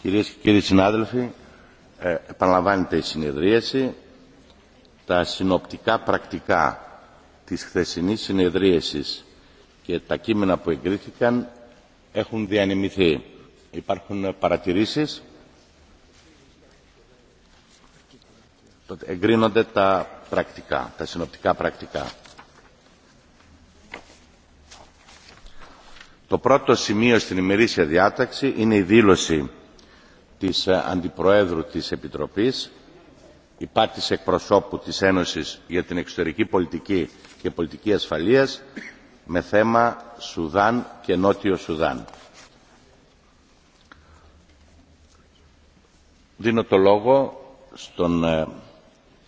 Κυρίες και κύριοι συνάδελφοι, ε, επαναλαμβάνεται η συνεδρίαση. Τα συνοπτικά πρακτικά της χθεσινής συνεδρίασης και τα κείμενα που εγκρίθηκαν έχουν διανεμηθεί. Υπάρχουν παρατηρήσεις. εγκρίνονται τα πρακτικά, τα συνοπτικά πρακτικά. Το πρώτο σημείο στην ημερήσια διάταξη είναι η δήλωση της ε, Αντιπροέδρου της Επιτροπής, υπά της εκπροσώπου της Ένωσης για την εξωτερική πολιτική και πολιτική ασφαλείας με θέμα Σουδάν και Νότιο Σουδάν. Δίνω το λόγο στον ε,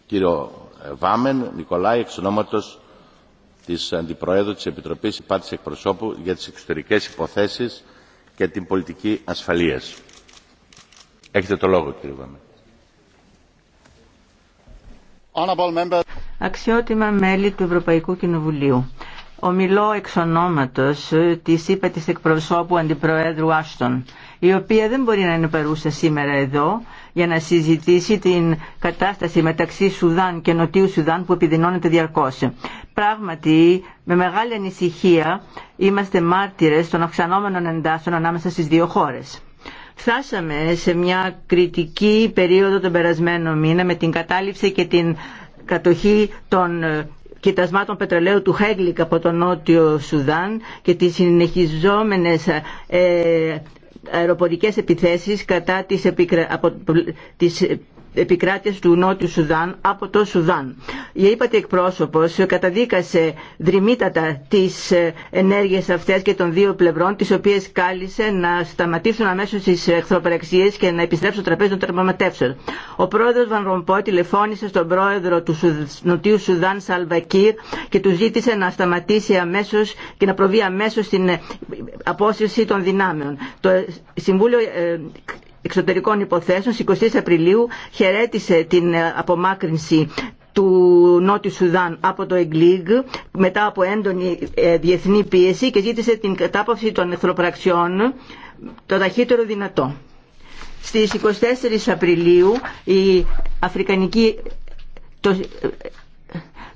κύριο ε, Βάμεν Νικολάη, εξ ονόματος της Αντιπροέδρου της Επιτροπής Υπάτης Εκπροσώπου για τις Εξωτερικές Υποθέσεις και την Πολιτική Ασφαλείας. Έχετε το λόγο, κύριε Βάμεν. Αξιότιμα μέλη του Ευρωπαϊκού Κοινοβουλίου ομιλώ εξ ονόματος ε, της είπα της εκπροσώπου Αντιπροέδρου Άστον, η οποία δεν μπορεί να είναι παρούσα σήμερα εδώ για να συζητήσει την κατάσταση μεταξύ Σουδάν και Νοτιού Σουδάν που επιδεινώνεται διαρκώς. Πράγματι, με μεγάλη ανησυχία είμαστε μάρτυρες των αυξανόμενων εντάσσεων ανάμεσα στις δύο χώρες. Φτάσαμε σε μια κριτική περίοδο τον περασμένο μήνα με την κατάληψη και την κατοχή των ε, κοιτασμάτων πετρελαίου του Χέγλικ από τον Νότιο Σουδάν και τις συνεχιζόμενες ε, αεροπορικές επιθέσεις κατά της, επικρα... από επικράτειας του Νότιου Σουδάν από το Σουδάν. Η ΕΥΠΑΤΗ εκπρόσωπος καταδίκασε δρυμύτατα τις ε, ενέργειες αυτές και των δύο πλευρών τις οποίες κάλεσε να σταματήσουν αμέσως τις εχθροπραξίες και να επιστρέψουν στο τραπέζι των τραυματεύσεων. Ο πρόεδρος Βαν Ρομπό τηλεφώνησε στον πρόεδρο του Νοτιού Σουδάν Σαλβακίρ και του ζήτησε να σταματήσει αμέσως και να προβεί αμέσως στην ε, απόσυρση των δυνάμεων. Το Συμβούλιο ε, Εξωτερικών Υποθέσεων στις 23 Απριλίου χαιρέτησε την ε, απομάκρυνση του Νότιου Σουδάν από το Εγκλίγ μετά από έντονη ε, διεθνή πίεση και ζήτησε την κατάπαυση των εθνοπραξιών το ταχύτερο δυνατό. Στις 24 Απριλίου η Αφρικανική,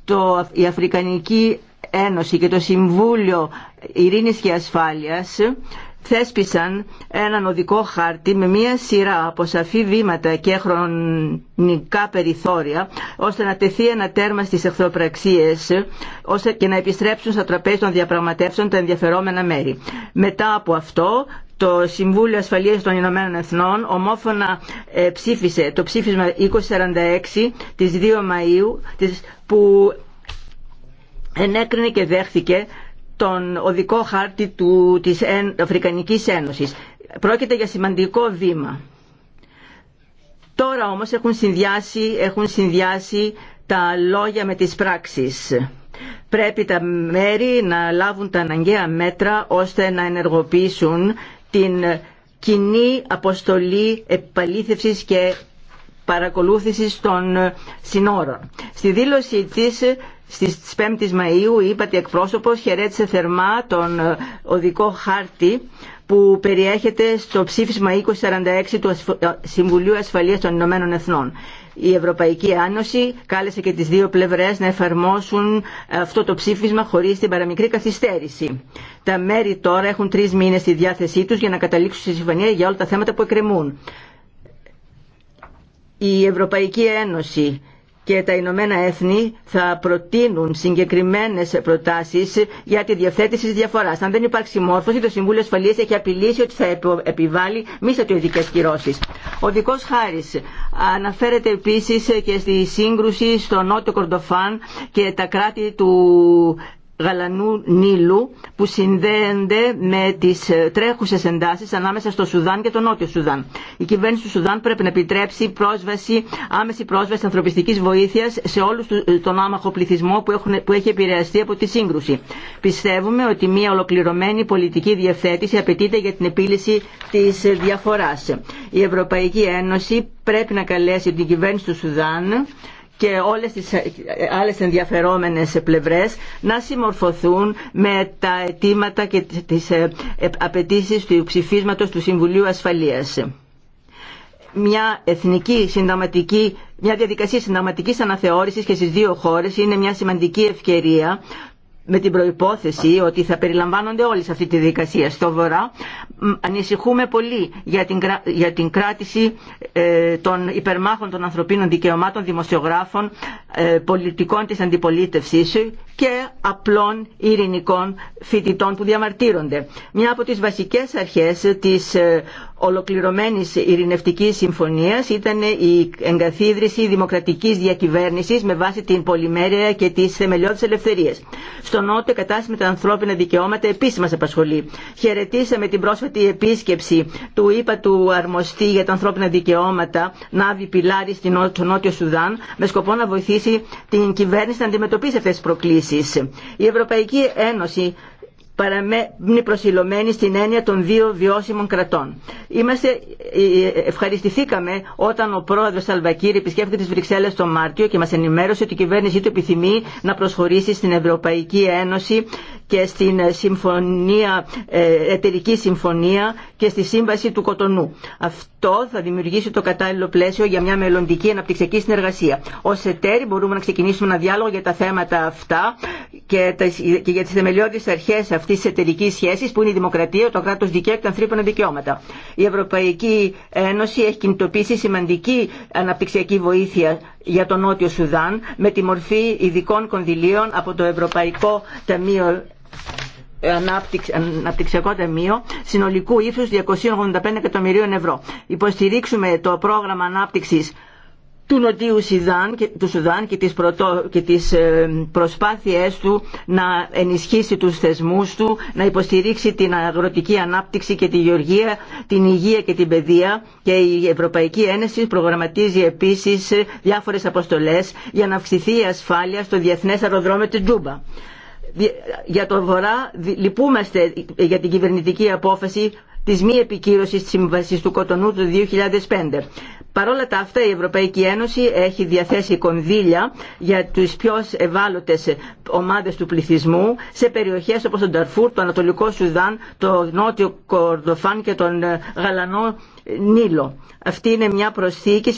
το, η Αφρικανική Ένωση και το Συμβούλιο Ειρήνης και Ασφάλειας θέσπισαν έναν οδικό χάρτη με μία σειρά από σαφή βήματα και χρονικά περιθώρια ώστε να τεθεί ένα τέρμα στις εχθροπραξίες ώστε και να επιστρέψουν στα τραπέζι των διαπραγματεύσεων τα ενδιαφερόμενα μέρη. Μετά από αυτό το Συμβούλιο Ασφαλείας των Ηνωμένων Εθνών ομόφωνα ε, ψήφισε το ψήφισμα 2046 της 2 Μαΐου που ενέκρινε και δέχθηκε τον οδικό χάρτη του, της Αφρικανικής Ένωσης. Πρόκειται για σημαντικό βήμα. Τώρα όμως έχουν συνδυάσει, έχουν συνδυάσει τα λόγια με τις πράξεις. Πρέπει τα μέρη να λάβουν τα αναγκαία μέτρα ώστε να ενεργοποιήσουν την κοινή αποστολή επαλήθευσης και παρακολούθησης των συνόρων. Στη δήλωση της στις 5 Μαΐου η ΥΠΑΤΗ εκπρόσωπος χαιρέτησε θερμά τον ε, οδικό χάρτη που περιέχεται στο ψήφισμα 2046 του ε, Συμβουλίου Ασφαλείας των Ηνωμένων Εθνών. Η Ευρωπαϊκή Ένωση κάλεσε και τις δύο πλευρές να εφαρμόσουν αυτό το ψήφισμα χωρίς την παραμικρή καθυστέρηση. Τα μέρη τώρα έχουν τρεις μήνες στη διάθεσή τους για να καταλήξουν στη συμφωνία για όλα τα θέματα που εκκρεμούν. Η Ευρωπαϊκή Ένωση και τα Ηνωμένα Έθνη θα προτείνουν συγκεκριμένε προτάσει για τη διευθέτηση τη διαφορά. Αν δεν υπάρξει μόρφωση, το Συμβούλιο Ασφαλεία έχει απειλήσει ότι θα επιβάλλει μη στρατιωτικέ κυρώσει. Ο δικός χάρης αναφέρεται επίσης και στη σύγκρουση στο Νότιο Κορντοφάν και τα κράτη του γαλανού Νείλου που συνδέονται με τις ε, τρέχουσες εντάσεις ανάμεσα στο Σουδάν και τον Νότιο Σουδάν. Η κυβέρνηση του Σουδάν πρέπει να επιτρέψει πρόσβαση, άμεση πρόσβαση ανθρωπιστικής βοήθειας σε όλους ε, τον άμαχο πληθυσμό που, έχουν, που έχει επηρεαστεί από τη σύγκρουση. Πιστεύουμε ότι μια ολοκληρωμένη πολιτική διευθέτηση απαιτείται για την επίλυση της ε, διαφοράς. Η Ευρωπαϊκή Ένωση πρέπει να καλέσει την κυβέρνηση του Σουδάν και όλες τις ε, άλλες ενδιαφερόμενες πλευρές να συμμορφωθούν με τα αιτήματα και τις ε, απαιτήσεις του ψηφίσματος του Συμβουλίου Ασφαλείας. Μια εθνική μια διαδικασία συνταγματικής αναθεώρησης και στις δύο χώρες είναι μια σημαντική ευκαιρία με την προϋπόθεση ότι θα περιλαμβάνονται όλοι σε αυτή τη δικασία. Στο Βορρά ανησυχούμε πολύ για την, για την κράτηση ε, των υπερμάχων των ανθρωπίνων δικαιωμάτων, δημοσιογράφων, ε, πολιτικών της αντιπολίτευσης και απλών ειρηνικών φοιτητών που διαμαρτύρονται. Μια από τις βασικές αρχές της ε, ολοκληρωμένης ειρηνευτικής συμφωνίας ήταν η εγκαθίδρυση δημοκρατικής διακυβέρνησης με βάση την πολυμέρεια και τις θεμελιώδεις ελευθερίες. Στο Νότο κατάσταση με τα ανθρώπινα δικαιώματα επίσης μας απασχολεί. Χαιρετήσαμε την πρόσφατη επίσκεψη του ΙΠΑ του Αρμοστή για τα ανθρώπινα δικαιώματα Νάβη Πιλάρη στο Νότιο Σουδάν με σκοπό να βοηθήσει την κυβέρνηση να αντιμετωπίσει αυτές τις προκλήσεις η Ευρωπαϊκή Ένωση παραμένει προσιλωμένη στην έννοια των δύο βιώσιμων κρατών. Ε, ε, ευχαριστηθήκαμε όταν ο πρόεδρος Σαλβακύρη επισκέφθηκε τις Βρυξέλλες τον Μάρτιο και μας ενημέρωσε ότι η κυβέρνησή του επιθυμεί να προσχωρήσει στην Ευρωπαϊκή Ένωση και στην ε, συμφωνία, ε, εταιρική συμφωνία και στη σύμβαση του Κοτονού. Αυτό θα δημιουργήσει το κατάλληλο πλαίσιο για μια μελλοντική αναπτυξιακή συνεργασία. Ω εταίροι μπορούμε να ξεκινήσουμε ένα διάλογο για τα θέματα αυτά και για τι θεμελιώδει αρχέ αυτή τη εταιρική σχέση που είναι η δημοκρατία, το κράτο δικαίου και τα ανθρώπινα δικαιώματα. Η Ευρωπαϊκή Ένωση έχει κινητοποιήσει σημαντική αναπτυξιακή βοήθεια για τον Νότιο Σουδάν με τη μορφή ειδικών κονδυλίων από το Ευρωπαϊκό Ταμείο αναπτυξιακό ταμείο συνολικού ύφους 285 εκατομμυρίων ευρώ. Υποστηρίξουμε το πρόγραμμα ανάπτυξης του Νοτιού Σουδάν και, του Σουδάν και τις, πρωτο, και τις ε, προσπάθειές του να ενισχύσει τους θεσμούς του, να υποστηρίξει την αγροτική ανάπτυξη και τη γεωργία, την υγεία και την παιδεία και η Ευρωπαϊκή Ένωση προγραμματίζει επίσης ε, διάφορες αποστολές για να αυξηθεί η ασφάλεια στο Διεθνές Αεροδρόμιο του Τζούμπα για το Βορρά λυπούμαστε για την κυβερνητική απόφαση της μη επικύρωσης της Συμβασής του Κοτονού του 2005. Παρόλα τα αυτά η Ευρωπαϊκή Ένωση έχει διαθέσει κονδύλια για τις πιο ευάλωτες ομάδες του πληθυσμού σε περιοχές όπως τον Ταρφούρ, το Ανατολικό Σουδάν, το Νότιο Κορδοφάν και τον ε, Γαλανό Νίλο. Αυτή είναι μια προσθήκη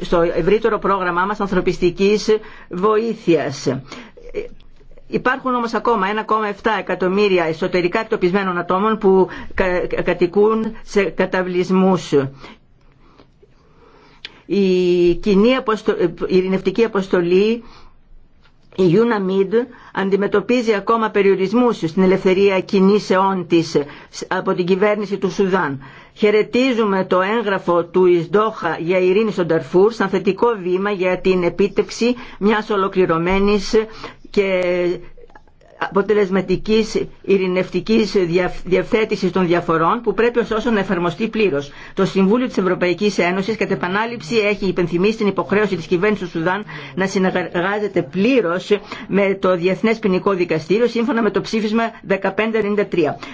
στο ευρύτερο πρόγραμμά μας ανθρωπιστικής βοήθειας ε, Υπάρχουν όμως ακόμα 1,7 εκατομμύρια εσωτερικά εκτοπισμένων ατόμων που κατοικούν σε καταβλισμούς. Η κοινή ειρηνευτική αποστολή η UNAMID αντιμετωπίζει ακόμα περιορισμούς στην ελευθερία κινήσεών της από την κυβέρνηση του Σουδάν. Χαιρετίζουμε το έγγραφο του Ισδόχα για ειρήνη στον Ταρφούρ σαν θετικό βήμα για την επίτευξη μιας ολοκληρωμένης και αποτελεσματικής ειρηνευτικής διαφθέτησης των διαφορών που πρέπει ωστόσο να εφαρμοστεί πλήρως. Το Συμβούλιο της Ευρωπαϊκής Ένωσης κατά επανάληψη έχει υπενθυμίσει την υποχρέωση της κυβέρνησης του Σουδάν να συνεργάζεται πλήρως με το Διεθνές Ποινικό Δικαστήριο σύμφωνα με το ψήφισμα 1593.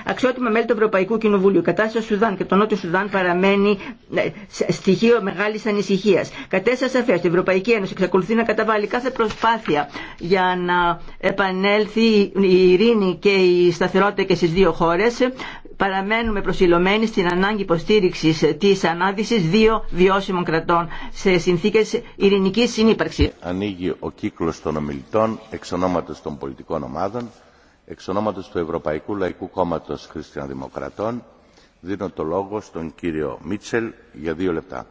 Αξιότιμα μέλη του Ευρωπαϊκού Κοινοβουλίου, η κατάσταση του Σουδάν και του Νότιο Σουδάν παραμένει ε, στοιχείο μεγάλης ανησυχίας. Κατέστα σαφές, η Ευρωπαϊκή Ένωση εξακολουθεί να καταβάλει κάθε προσπάθεια για να επανέλθει η ειρήνη και η σταθερότητα και στις δύο χώρες παραμένουμε προσιλωμένοι στην ανάγκη υποστήριξη της ανάδυσης δύο βιώσιμων κρατών σε συνθήκες ειρηνικής συνύπαρξης. Ανοίγει ο κύκλος των ομιλητών εξ ονόματος των πολιτικών ομάδων, εξ ονόματος του Ευρωπαϊκού Λαϊκού Κόμματος Χριστιανοδημοκρατών. Δίνω το λόγο στον κύριο Μίτσελ για δύο λεπτά.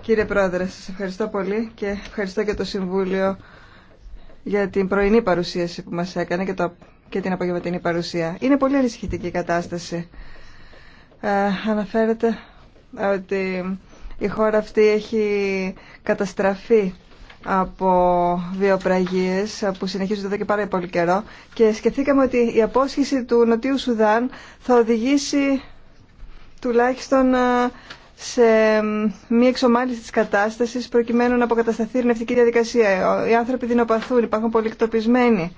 Κύριε Πρόεδρε, σας ευχαριστώ πολύ και ευχαριστώ και το Συμβούλιο για την πρωινή παρουσίαση που μας έκανε και, το, και την απογευματινή παρουσία. Είναι πολύ ανησυχητική η κατάσταση. Ε, αναφέρεται ότι η χώρα αυτή έχει καταστραφεί από βιοπραγίες που συνεχίζονται εδώ και πάρα πολύ καιρό και σκεφτήκαμε ότι η απόσχηση του Νοτιού Σουδάν θα οδηγήσει τουλάχιστον ε, σε μία εξομάλυση της κατάστασης προκειμένου να αποκατασταθεί η ειρηνευτική διαδικασία. Οι άνθρωποι δυνοπαθούν, υπάρχουν πολύ εκτοπισμένοι.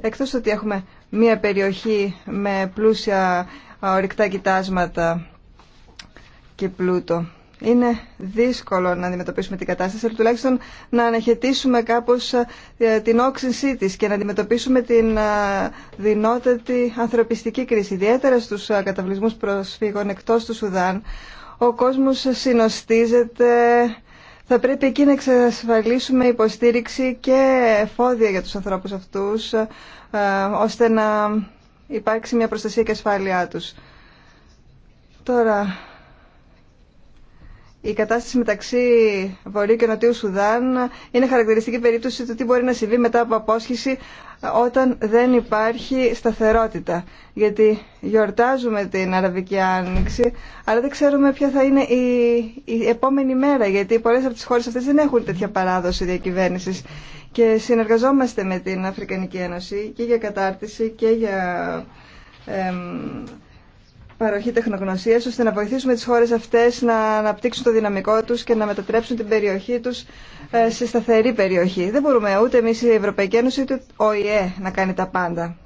Εκτός ότι έχουμε μία περιοχή με πλούσια ορυκτά κοιτάσματα και πλούτο. Είναι δύσκολο να αντιμετωπίσουμε την κατάσταση, αλλά τουλάχιστον να αναχαιτήσουμε κάπως ε, την όξυνσή της και να αντιμετωπίσουμε την δυνότατη ανθρωπιστική κρίση, ιδιαίτερα στους καταβλισμούς προσφύγων εκτός του Σουδάν, ο κόσμος συνοστίζεται. Θα πρέπει εκεί να εξασφαλίσουμε υποστήριξη και εφόδια για τους ανθρώπους αυτούς, ε, ώστε να υπάρξει μια προστασία και ασφάλειά τους. Τώρα, η κατάσταση μεταξύ Βορείου και Νοτιού Σουδάν είναι χαρακτηριστική περίπτωση του τι μπορεί να συμβεί μετά από απόσχηση όταν δεν υπάρχει σταθερότητα. Γιατί γιορτάζουμε την Αραβική Άνοιξη, αλλά δεν ξέρουμε ποια θα είναι η, η επόμενη μέρα, γιατί πολλές από τις χώρες αυτές δεν έχουν τέτοια παράδοση διακυβέρνησης. Και συνεργαζόμαστε με την Αφρικανική Ένωση και για κατάρτιση και για παροχή τεχνογνωσία ώστε να βοηθήσουμε τι χώρε αυτέ να αναπτύξουν το δυναμικό του και να μετατρέψουν την περιοχή του ε, σε σταθερή περιοχή. Δεν μπορούμε ούτε εμεί, η Ευρωπαϊκή Ένωση ούτε ο ΙΕ να κάνει τα πάντα.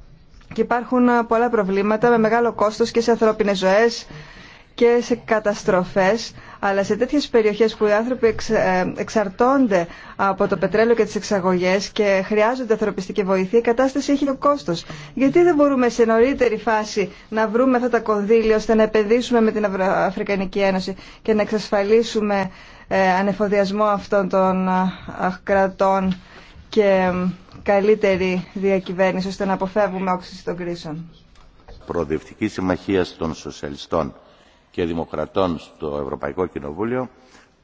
Και υπάρχουν ε, πολλά προβλήματα με μεγάλο κόστο και σε ανθρώπινε ζωέ και σε καταστροφέ αλλά σε τέτοιες περιοχές που οι άνθρωποι ε, εξαρτώνται από το πετρέλαιο και τις εξαγωγές και χρειάζονται ανθρωπιστική βοήθεια, η κατάσταση έχει το κόστος. Γιατί δεν μπορούμε σε νωρίτερη φάση να βρούμε αυτά τα κονδύλια ώστε να επενδύσουμε με την Αφρικανική Ένωση και να εξασφαλίσουμε ε, ανεφοδιασμό αυτών των ε, κρατών και καλύτερη διακυβέρνηση ώστε να αποφεύγουμε όξυση των κρίσεων. Προοδευτική Συμμαχία των Σοσιαλιστών και Δημοκρατών στο Ευρωπαϊκό Κοινοβούλιο,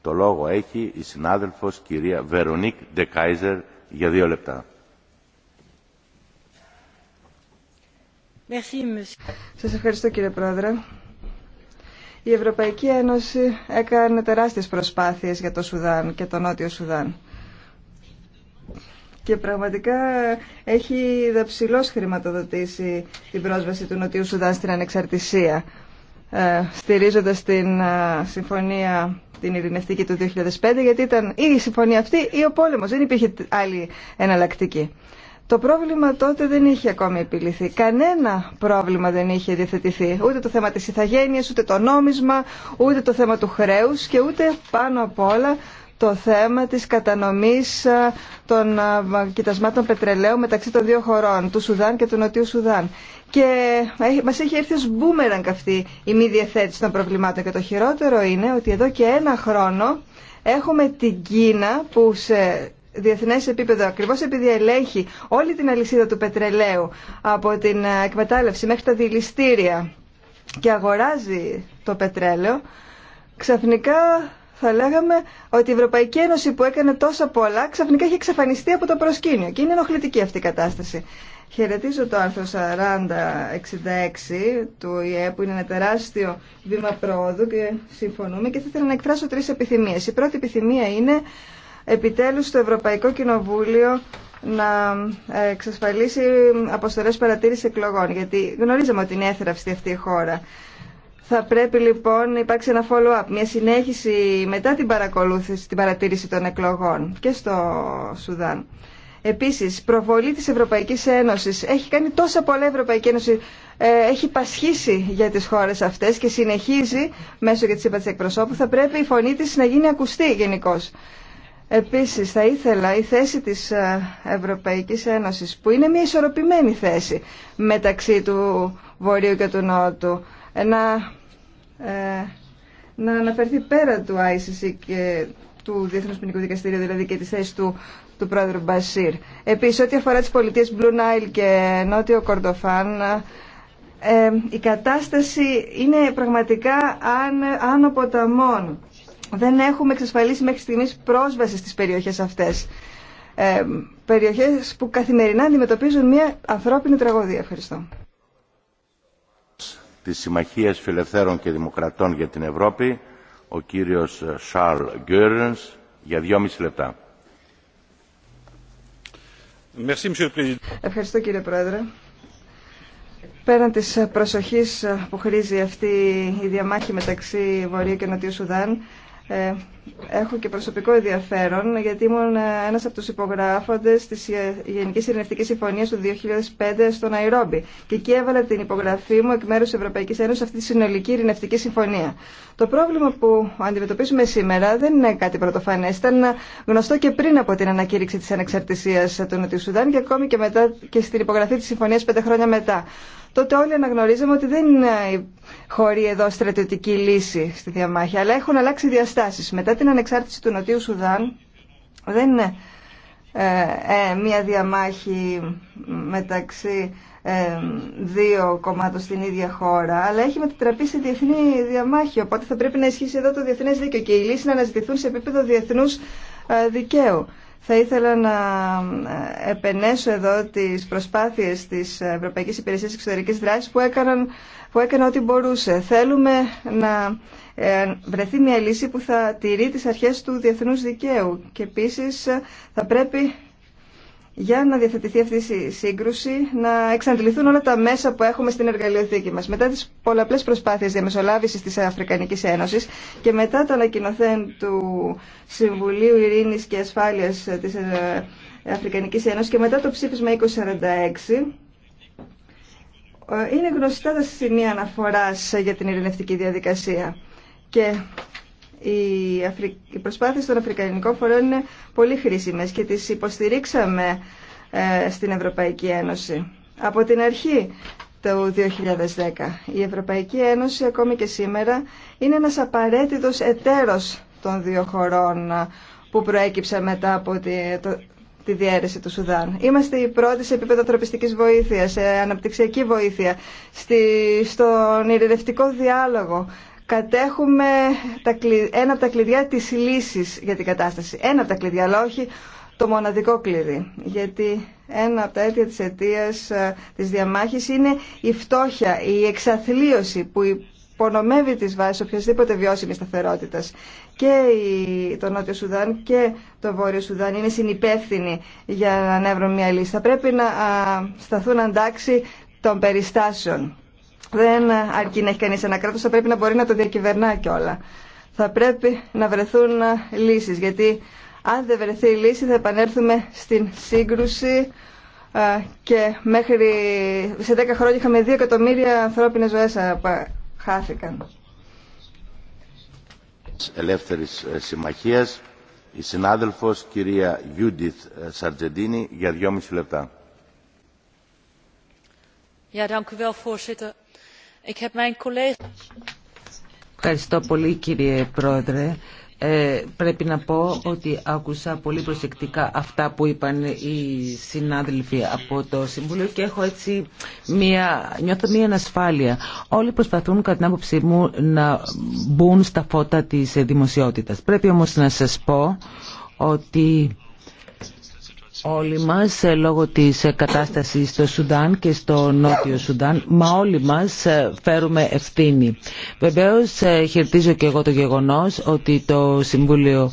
το λόγο έχει η συνάδελφος κυρία Βερονίκ Ντεκάιζερ για δύο λεπτά. Σας ευχαριστώ κύριε Πρόεδρε. Η Ευρωπαϊκή Ένωση έκανε τεράστιες προσπάθειες για το Σουδάν και το Νότιο Σουδάν. Και πραγματικά έχει δαψιλώς χρηματοδοτήσει την πρόσβαση του Νοτιού Σουδάν στην ανεξαρτησία. Ε, στηρίζοντας την ε, συμφωνία την ειρηνευτική του 2005 γιατί ήταν ή η συμφωνία αυτή ή ο πόλεμος. Δεν υπήρχε άλλη εναλλακτική. Το πρόβλημα τότε δεν είχε ακόμη επιληθεί. Κανένα πρόβλημα δεν είχε διαθετηθεί. Ούτε το θέμα της ηθαγένειας, ούτε το νόμισμα, ούτε το θέμα του χρέους και ούτε πάνω απ' όλα το θέμα της κατανομής ε, των ε, κοιτασμάτων πετρελαίου μεταξύ των δύο χωρών, του Σουδάν και του Νοτιού Σουδάν. Και μας έχει έρθει ως μπούμερανγκ αυτή η μη διαθέτηση των προβλημάτων. Και το χειρότερο είναι ότι εδώ και ένα χρόνο έχουμε την Κίνα που σε διεθνές επίπεδο, ακριβώς επειδή ελέγχει όλη την αλυσίδα του πετρελαίου από την ε, εκμετάλλευση μέχρι τα δηληστήρια και αγοράζει το πετρέλαιο, ξαφνικά θα λέγαμε ότι η Ευρωπαϊκή Ένωση που έκανε τόσα πολλά ξαφνικά έχει εξαφανιστεί από το προσκήνιο και είναι ενοχλητική αυτή η κατάσταση. Χαιρετίζω το άρθρο 4066 του ΙΕ που είναι ένα τεράστιο βήμα πρόοδου και συμφωνούμε και θα ήθελα να εκφράσω τρεις επιθυμίες. Η πρώτη επιθυμία είναι επιτέλους το Ευρωπαϊκό Κοινοβούλιο να εξασφαλίσει αποστολές παρατήρηση εκλογών γιατί γνωρίζαμε ότι είναι έθραυστη αυτή η χώρα. Θα πρέπει λοιπόν να υπάρξει ένα follow-up, μια συνέχιση μετά την παρακολούθηση, την παρατήρηση των εκλογών και στο Σουδάν. Επίσης, προβολή της Ευρωπαϊκής Ένωσης. Έχει κάνει τόσα πολλά Ευρωπαϊκή Ένωση, ε, έχει πασχίσει για τις χώρες αυτές και συνεχίζει μέσω και της της εκπροσώπου. Θα πρέπει η φωνή της να γίνει ακουστή γενικώ. Επίσης θα ήθελα η θέση της ε, Ευρωπαϊκής Ένωσης που είναι μια ισορροπημένη θέση μεταξύ του Βορείου και του Νότου να ε, να αναφερθεί πέρα του ICC και του Διεθνούς Ποινικού Δικαστηρίου, δηλαδή και τη θέση του, του πρόεδρου Μπασίρ. Επίσης, ό,τι αφορά τις πολιτείες Blue Nile και Νότιο Κορδοφάν, ε, η κατάσταση είναι πραγματικά αν, άνω ποταμών. Δεν έχουμε εξασφαλίσει μέχρι στιγμής πρόσβαση στις περιοχές αυτές. Ε, περιοχές που καθημερινά αντιμετωπίζουν μια ανθρώπινη τραγωδία. Ευχαριστώ της Συμμαχίας Φιλελευθέρων και Δημοκρατών για την Ευρώπη, ο κύριος Σαρλ ε, Γκέρνς, για δυόμιση λεπτά. Ευχαριστώ κύριε Πρόεδρε. Πέραν της προσοχής που χρήζει αυτή η διαμάχη μεταξύ Βορείου και Νοτιού Σουδάν, ε, έχω και προσωπικό ενδιαφέρον γιατί ήμουν ε, ένας από τους υπογράφοντες της ε, Γενική Ειρηνευτικής Συμφωνία του 2005 στο Ναϊρόμπι και εκεί έβαλα την υπογραφή μου εκ μέρους της Ευρωπαϊκής Ένωσης αυτή τη συνολική ειρηνευτική συμφωνία. Το πρόβλημα που αντιμετωπίζουμε σήμερα δεν είναι κάτι πρωτοφανέ. Ήταν γνωστό και πριν από την ανακήρυξη τη ανεξαρτησία του Νοτιού Σουδάν και ακόμη και, μετά, και στην υπογραφή τη συμφωνία πέντε χρόνια μετά τότε όλοι αναγνωρίζαμε ότι δεν χωρεί εδώ στρατιωτική λύση στη διαμάχη, αλλά έχουν αλλάξει διαστάσεις. Μετά την ανεξάρτηση του Νοτιού Σουδάν δεν είναι ε, μια διαμάχη μεταξύ ε, δύο κομμάτων στην ίδια χώρα, αλλά έχει μετατραπεί σε διεθνή διαμάχη. Οπότε θα πρέπει να ισχύσει εδώ το διεθνές δίκαιο και οι λύσεις να αναζητηθούν σε επίπεδο διεθνούς ε, δικαίου. Θα ήθελα να ε, επενέσω εδώ τις προσπάθειες της Ευρωπαϊκής Υπηρεσίας Εξωτερικής Δράσης που, έκαναν, που έκανα ό,τι μπορούσε. Θέλουμε να ε, βρεθεί μια λύση που θα τηρεί τις αρχές του διεθνούς δικαίου και επίσης θα πρέπει για να διαθετηθεί αυτή η σύγκρουση, να εξαντληθούν όλα τα μέσα που έχουμε στην εργαλειοθήκη μας. Μετά τις πολλαπλές προσπάθειες διαμεσολάβησης της Αφρικανικής Ένωσης και μετά το ανακοινωθέν του Συμβουλίου Ειρήνης και Ασφάλειας της ε, Αφρικανικής Ένωσης και μετά το ψήφισμα 2046, ε, είναι γνωστά τα σημεία αναφοράς για την ειρηνευτική διαδικασία. Και οι προσπάθειες των Αφρικανικών φορέων είναι πολύ χρήσιμες και τις υποστηρίξαμε ε, στην Ευρωπαϊκή Ένωση. Από την αρχή του 2010. Η Ευρωπαϊκή Ένωση ακόμη και σήμερα είναι ένας απαραίτητος εταίρος των δύο χωρών ε, που προέκυψε μετά από τη, το, του Σουδάν. Είμαστε οι πρώτοι σε επίπεδο ανθρωπιστικής βοήθειας, σε αναπτυξιακή βοήθεια, στη, στον ειρηνευτικό διάλογο, κατέχουμε ένα από τα κλειδιά της λύσης για την κατάσταση. Ένα από τα κλειδιά, αλλά όχι το μοναδικό κλειδί. Γιατί ένα από τα αίτια της αιτία ε, της διαμάχης είναι η φτώχεια, η εξαθλίωση που υπονομεύει τις βάσεις οποιασδήποτε βιώσιμη σταθερότητα Και το Νότιο Σουδάν και το Βόρειο Σουδάν είναι συνυπεύθυνοι για να ανέβρουν μια λύση. Θα πρέπει να σταθούν αντάξει των περιστάσεων δεν αρκεί να έχει κανεί ένα κράτο. θα πρέπει να μπορεί να το διακυβερνά κιόλα. Θα πρέπει να βρεθούν λύσει, γιατί αν δεν βρεθεί η λύση θα επανέλθουμε στην σύγκρουση και μέχρι σε 10 χρόνια είχαμε 2 εκατομμύρια ανθρώπινε ζωέ χάθηκαν. Ελεύθερη ε, Συμμαχία, η συνάδελφος κυρία Γιούντιθ ε, Σαρτζεντίνη για λεπτά. Ευχαριστώ πολύ κύριε Πρόεδρε. Ε, πρέπει να πω ότι άκουσα πολύ προσεκτικά αυτά που είπαν οι συνάδελφοι από το Συμβούλιο και έχω έτσι μια, νιώθω μια ανασφάλεια. Όλοι προσπαθούν κατά την άποψή μου να μπουν στα φώτα της δημοσιότητας. Πρέπει όμως να σας πω ότι όλοι μας ε, λόγω της ε, κατάστασης στο Σουδάν και στο Νότιο Σουδάν, μα όλοι μας ε, φέρουμε ευθύνη. Βεβαίως χαιρετίζω και εγώ το γεγονός ότι το Συμβούλιο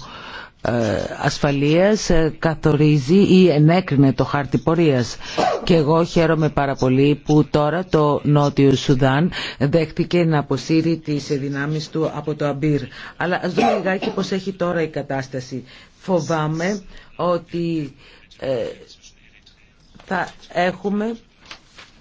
ασφαλείας καθορίζει ή ενέκρινε το χάρτη πορείας και εγώ χαίρομαι πάρα πολύ που τώρα το Νότιο Σουδάν δέχτηκε να αποσύρει τις δυνάμεις του από το Αμπύρ αλλά ας δούμε λιγάκι πως έχει τώρα η κατάσταση νοτιο σουδαν δεχτηκε να αποσυρει τις δυναμεις του απο το αμπιρ ότι ε, θα έχουμε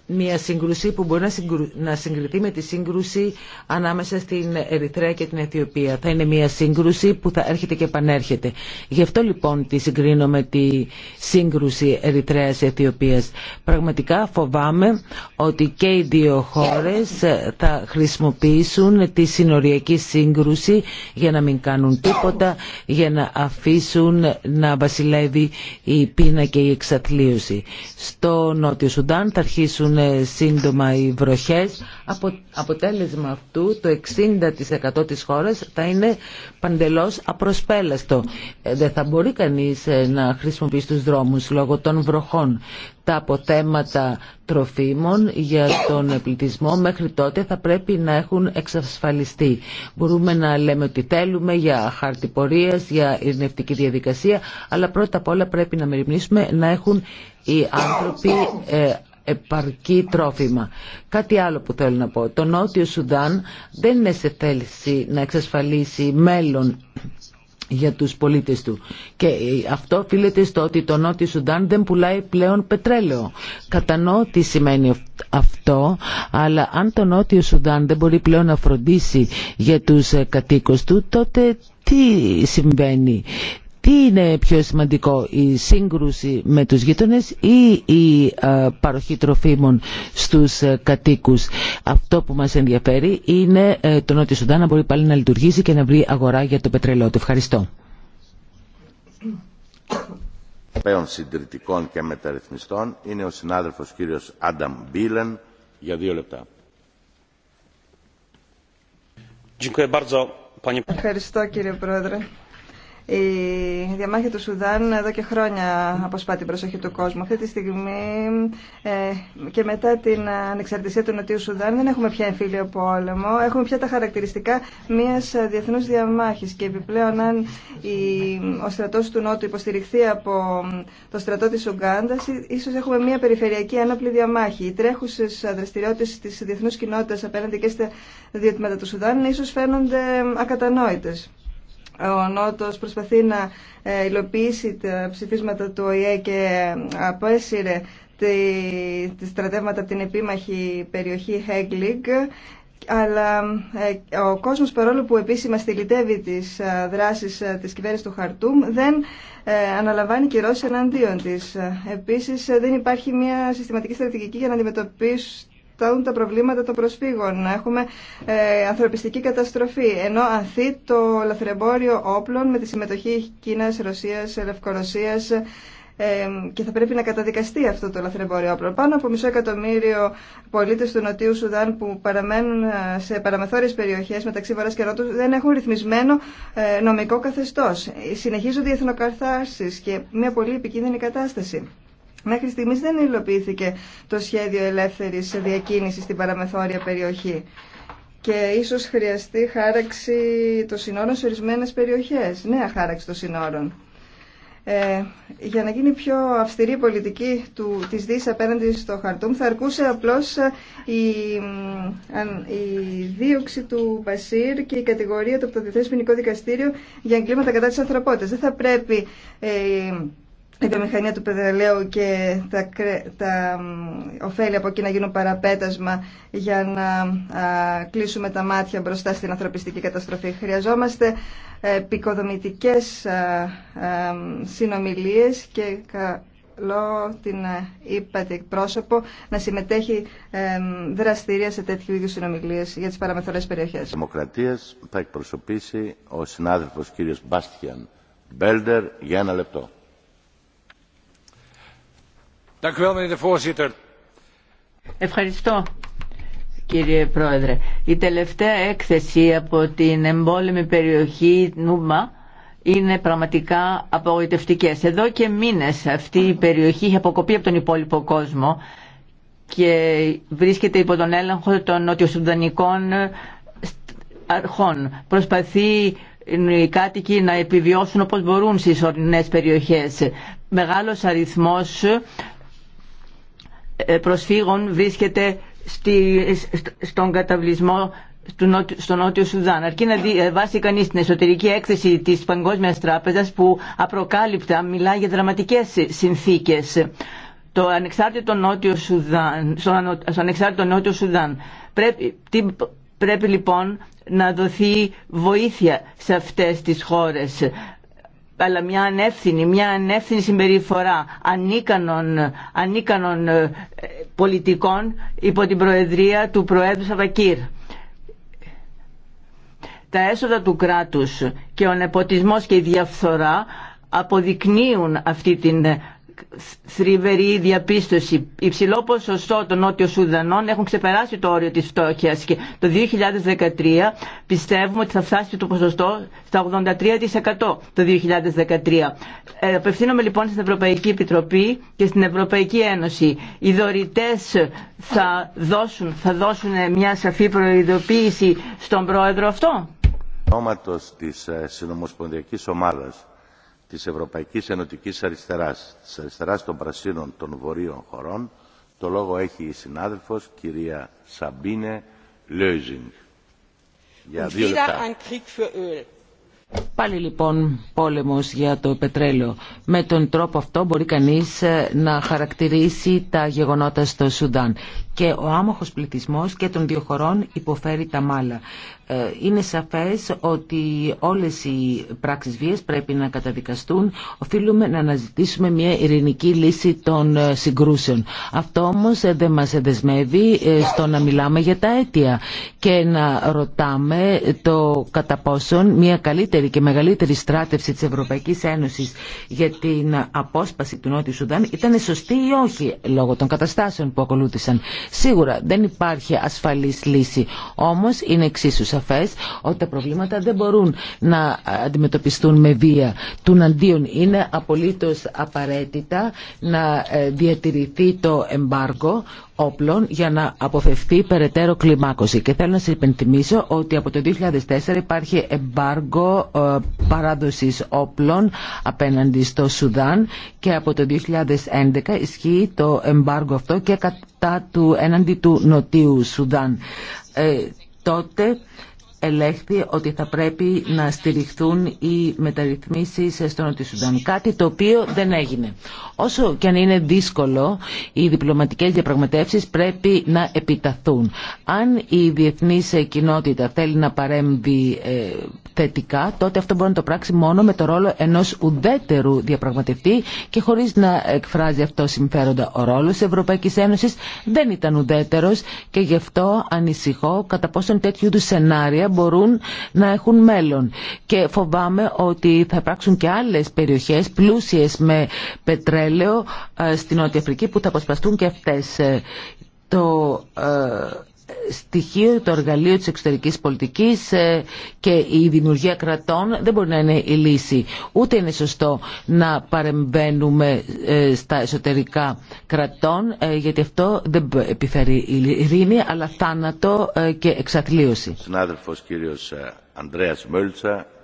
μια σύγκρουση που μπορεί να, συγκρου... συγκριθεί με τη σύγκρουση ανάμεσα στην Ερυθρέα και την Αιθιοπία. Θα είναι μια σύγκρουση που θα έρχεται και επανέρχεται. Γι' αυτό λοιπόν τη συγκρίνω με τη σύγκρουση Ερυθρέας-Αιθιοπίας. Πραγματικά φοβάμαι ότι και οι δύο χώρες θα χρησιμοποιήσουν τη συνοριακή σύγκρουση για να μην κάνουν τίποτα, για να αφήσουν να βασιλεύει η πείνα και η εξαθλίωση. Στο Νότιο Σουδάν θα αρχίσουν σύντομα οι βροχές. Απο, αποτέλεσμα αυτού το 60% της χώρας θα είναι παντελώς απροσπέλαστο. Ε, δεν θα μπορεί κανείς ε, να χρησιμοποιήσει τους δρόμους λόγω των βροχών. Τα αποθέματα τροφίμων για τον πληθυσμό μέχρι τότε θα πρέπει να έχουν εξασφαλιστεί. Μπορούμε να λέμε ότι θέλουμε για χαρτιπορίες, για ειρνευτική διαδικασία, αλλά πρώτα απ' όλα πρέπει να μεριμνήσουμε να έχουν οι άνθρωποι ε, επαρκή τρόφιμα. Κάτι άλλο που θέλω να πω. Το Νότιο Σουδάν δεν είναι σε θέληση να εξασφαλίσει μέλλον για τους πολίτες του. Και αυτό οφείλεται στο ότι το Νότιο Σουδάν δεν πουλάει πλέον πετρέλαιο. Κατανοώ τι σημαίνει αυτό, αλλά αν το Νότιο Σουδάν δεν μπορεί πλέον να φροντίσει για τους ε, κατοίκους του, τότε τι συμβαίνει. Τι είναι πιο σημαντικό, η σύγκρουση με τους γείτονες ή η ε, παροχή τροφίμων στους ε, κατοίκους. Αυτό που μας ενδιαφέρει είναι ε, το Νότιο Σουδάν να μπορεί πάλι να λειτουργήσει και να βρει αγορά για το πετρελό του. Ευχαριστώ. και Μεταρρυθμιστών είναι ο συνάδελφος κύριος Άνταμ Μπίλεν για δύο λεπτά. Ευχαριστώ κύριε Πρόεδρε. Η διαμάχη του Σουδάν εδώ και χρόνια αποσπά την προσοχή του κόσμου. Αυτή τη στιγμή ε, και μετά την ανεξαρτησία του Νοτιού Σουδάν δεν έχουμε πια εμφύλιο πόλεμο. Έχουμε πια τα χαρακτηριστικά μιας διεθνούς διαμάχης και επιπλέον αν ο στρατός του Νότου υποστηριχθεί από το στρατό της Ουγκάντας ίσως έχουμε μια περιφερειακή ανάπλη διαμάχη. Οι τρέχουσες δραστηριότητες της διεθνούς κοινότητας απέναντι και στα διαιτήματα του Σουδάν ίσως φαίνονται ακατανόητες ο Νότος προσπαθεί να ε, υλοποιήσει τα ψηφίσματα του ΟΗΕ και ε, απέσυρε τη, τη στρατεύματα από την επίμαχη περιοχή Χέγκλιγκ αλλά ε, ο κόσμος παρόλο που επίσημα στυλιτεύει τις δράσεις της κυβέρνησης του Χαρτούμ δεν αναλαμβάνει κυρώσεις εναντίον της. Επίσης δεν υπάρχει μια συστηματική στρατηγική για να αντιμετωπίσει αναθέτουν τα προβλήματα των προσφύγων, να έχουμε ε, ανθρωπιστική καταστροφή, ενώ ανθεί το λαθρεμπόριο όπλων με τη συμμετοχή Κίνας, Ρωσίας, Λευκορωσίας ε, και θα πρέπει να καταδικαστεί αυτό το λαθρεμπόριο όπλων. Πάνω από μισό εκατομμύριο πολίτες του Νοτιού Σουδάν που παραμένουν ε, σε παραμεθόριες περιοχές μεταξύ Βορράς και Ρώτου δεν έχουν ρυθμισμένο ε, νομικό καθεστώς. Συνεχίζονται οι εθνοκαρθάσεις και μια πολύ επικίνδυνη κατάσταση. Μέχρι στιγμή δεν υλοποιήθηκε το σχέδιο ελεύθερης διακίνηση στην παραμεθόρια περιοχή και ίσως χρειαστεί χάραξη των συνόρων σε ορισμένε περιοχές, νέα χάραξη των συνόρων. Ε, για να γίνει πιο αυστηρή η πολιτική του, της απέναντι στο Χαρτούμ θα αρκούσε απλώς ε, η, η δίωξη του Μπασίρ και η κατηγορία του από το Ποινικό Δικαστήριο για εγκλήματα κατά της ανθρωπότητας. Δεν θα πρέπει ε, η βιομηχανία του Πεδρελαίου και τα, τα ωφέλη από εκεί να γίνουν παραπέτασμα για να κλείσουμε τα μάτια μπροστά στην ανθρωπιστική καταστροφή. Χρειαζόμαστε επικοδομητικές συνομιλίες και καλό την είπατε πρόσωπο να συμμετέχει ε, δραστηρία σε τέτοιου είδους συνομιλίες για τις παραμεθορές περιοχές. Δημοκρατίας θα εκπροσωπήσει ο συνάδελφος κύριος Μπάστιαν Μπέλντερ για ένα λεπτό. Ευχαριστώ κύριε Πρόεδρε. Η τελευταία έκθεση από την εμπόλεμη περιοχή Νούμα είναι πραγματικά απογοητευτικές. Εδώ και μήνες αυτή η περιοχή έχει αποκοπεί από τον υπόλοιπο κόσμο και βρίσκεται υπό τον έλεγχο των νοτιοσυνδανικών αρχών. Προσπαθεί οι κάτοικοι να επιβιώσουν όπως μπορούν στις ορεινές περιοχές. Μεγάλος αριθμός ε, προσφύγων βρίσκεται στη, στον καταβλισμό στο Νότιο Σουδάν. Αρκεί να διαβάσει ε, κανεί την εσωτερική έκθεση τη Παγκόσμια Τράπεζα που απροκάλυπτα μιλά για δραματικέ συνθήκε. Το ανεξάρτητο Νότιο Σουδάν, στο ανεξάρτητο Νότιο Σουδάν. Πρέπει, τι, πρέπει λοιπόν να δοθεί βοήθεια σε αυτές τις χώρες αλλά μια ανεύθυνη, μια ανεύθυνη συμπεριφορά ανίκανων, ανίκανων ε, πολιτικών υπό την προεδρία του Προέδρου Σαβακύρ. Τα έσοδα του κράτους και ο νεποτισμός και η διαφθορά αποδεικνύουν αυτή την θρυβερή διαπίστωση. Υψηλό ποσοστό των Νότιων Σουδανών έχουν ξεπεράσει το όριο της φτώχειας και το 2013 πιστεύουμε ότι θα φτάσει το ποσοστό στα 83% το 2013. Ε, απευθύνομαι λοιπόν στην Ευρωπαϊκή Επιτροπή και στην Ευρωπαϊκή Ένωση. Οι δωρητές θα δώσουν, θα δώσουν μια σαφή προειδοποίηση στον πρόεδρο αυτό. της ε, Συνομοσπονδιακής Ομάδας της Ευρωπαϊκής Ενωτικής Αριστεράς, της Αριστεράς των Πρασίνων των Βορείων χωρών, το λόγο έχει η συνάδελφος κυρία Σαμπίνε Λέουζινγκ Για δύο λεπτά. Πάλι λοιπόν πόλεμος για το πετρέλαιο. Με τον τρόπο αυτό μπορεί κανείς ε, να χαρακτηρίσει τα γεγονότα στο Σουδάν. Και ο άμοχος πληθυσμός και των δύο χωρών υποφέρει τα μάλα. Ε, είναι σαφές ότι όλες οι πράξεις βίας πρέπει να καταδικαστούν. Οφείλουμε να αναζητήσουμε μια ειρηνική λύση των ε, συγκρούσεων. Αυτό όμως δεν μας δεσμεύει ε, στο να μιλάμε για τα αίτια και να ρωτάμε το κατά πόσον μια καλύτερη και μεγαλύτερη στράτευση της Ευρωπαϊκής Ένωσης για την απόσπαση του Νότιου Σουδάν ήταν σωστή ή όχι λόγω των καταστάσεων που ακολούθησαν. Σίγουρα δεν υπάρχει ασφαλής λύση, όμως είναι εξίσου σαφές ότι τα προβλήματα δεν μπορούν να αντιμετωπιστούν με βία. του αντίον είναι απολύτως απαραίτητα να ε, διατηρηθεί το εμπάργκο όπλων για να αποφευθεί περαιτέρω κλιμάκωση. Και θέλω να σας υπενθυμίσω ότι από το 2004 υπάρχει εμπάργκο ε, παράδοσης όπλων απέναντι στο Σουδάν και από το 2011 ισχύει το εμπάργκο αυτό και κατά του έναντι του Νοτίου Σουδάν. Ε, τότε ελέγχθη ότι θα πρέπει να στηριχθούν οι μεταρρυθμίσεις στο Νότιο Κάτι το οποίο δεν έγινε. Όσο και αν είναι δύσκολο, οι διπλωματικές διαπραγματεύσεις πρέπει να επιταθούν. Αν η διεθνής κοινότητα θέλει να παρέμβει ε, θετικά, τότε αυτό μπορεί να το πράξει μόνο με το ρόλο ενός ουδέτερου διαπραγματευτή και χωρίς να εκφράζει αυτό συμφέροντα. Ο ρόλος της Ευρωπαϊκής Ένωσης δεν ήταν ουδέτερος και γι' αυτό ανησυχώ κατά πόσον τέτοιου είδου σενάρια μπορούν να έχουν μέλλον. Και φοβάμαι ότι θα υπάρξουν και άλλες περιοχές πλούσιες με πετρέλαιο ε, στην Νότια Αφρική που θα αποσπαστούν και αυτές. Ε, το ε, στοιχείο, το εργαλείο της εξωτερικής πολιτικής ε, και η δημιουργία κρατών δεν μπορεί να είναι η λύση. Ούτε είναι σωστό να παρεμβαίνουμε ε, στα εσωτερικά κρατών ε, γιατί αυτό δεν επιφέρει ειρήνη αλλά θάνατο και εξαθλίωση. Συνάδελφος κύριος Ανδρέας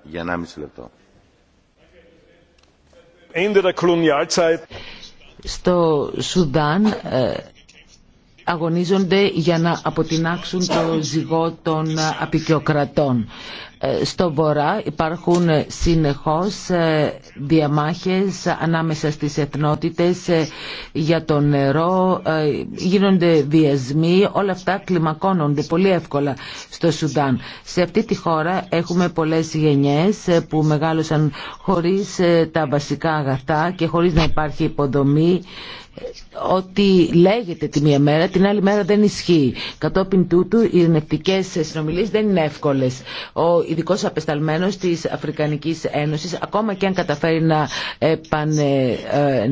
για 1,5 λεπτό. Στο Σουδάν αγωνίζονται για να αποτινάξουν το ζυγό των απεικιοκρατών. Ε, στο Βορρά υπάρχουν ε, συνεχώς ε, διαμάχες ανάμεσα στις εθνότητες για το νερό, γίνονται βιασμοί, όλα αυτά κλιμακώνονται πολύ εύκολα στο Σουδάν. Σε αυτή τη χώρα έχουμε πολλές γενιές που μεγάλωσαν χωρίς τα βασικά αγαθά και χωρίς να υπάρχει υποδομή ότι λέγεται τη μία μέρα, την άλλη μέρα δεν ισχύει. Κατόπιν τούτου οι ειρηνευτικέ συνομιλίε δεν είναι εύκολε. Ο ειδικό απεσταλμένο τη Αφρικανική Ένωση, ακόμα και αν καταφέρει να, επανε, ε,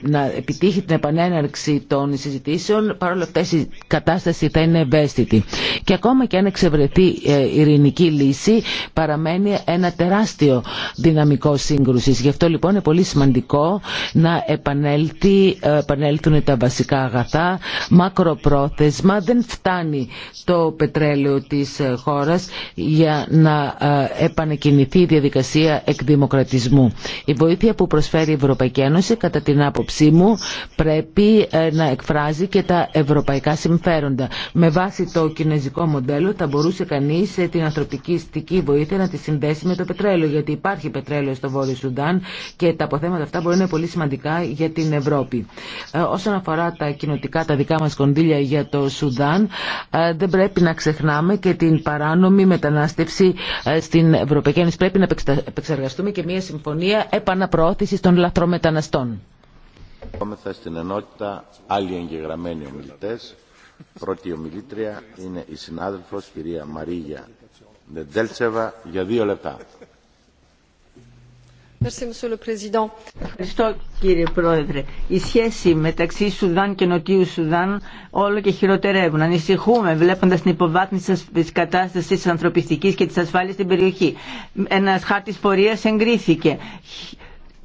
να επιτύχει την επανέναρξη των συζητήσεων, παρόλα αυτά η κατάσταση θα είναι ευαίσθητη. Και ακόμα και αν εξευρεθεί ε, ειρηνική λύση, παραμένει ένα τεράστιο δυναμικό σύγκρουση. Γι' αυτό λοιπόν είναι πολύ σημαντικό να επανέλθει ε, επανέλθουν τα βασικά αγαθά, μακροπρόθεσμα. Δεν φτάνει το πετρέλαιο της ε, χώρας για να ε, επανεκκινηθεί η διαδικασία εκδημοκρατισμού. Η βοήθεια που προσφέρει η Ευρωπαϊκή Ένωση, κατά την άποψή μου, πρέπει ε, να εκφράζει και τα ευρωπαϊκά συμφέροντα. Με βάση το κινέζικο μοντέλο θα μπορούσε κανεί την ανθρωπιστική βοήθεια να τη συνδέσει με το πετρέλαιο, γιατί υπάρχει πετρέλαιο στο Βόρειο Σουντάν και τα αποθέματα αυτά μπορεί να είναι πολύ σημαντικά για την Ευρώπη. Ε, όσον αφορά τα κοινοτικά, τα δικά μας κονδύλια για το Σουδάν, ε, δεν πρέπει να ξεχνάμε και την παράνομη μετανάστευση ε, στην Ευρωπαϊκή Ένωση. Πρέπει να επεξεργαστούμε και μια συμφωνία επαναπροώθησης των λαθρομεταναστών. Είμαστε στην ενότητα άλλοι εγγεγραμμένοι ομιλητές. Πρώτη ομιλήτρια είναι η συνάδελφος κυρία Μαρίγια Ντελτσεβα για δύο λεπτά. Ευχαριστώ κύριε Πρόεδρε. Η σχέση μεταξύ Σουδάν και Νοτιού Σουδάν όλο και χειροτερεύουν. Ανησυχούμε βλέποντα την υποβάθμιση τη κατάσταση τη ανθρωπιστική και τη ασφάλεια στην περιοχή. Ένα χάρτη πορεία εγκρίθηκε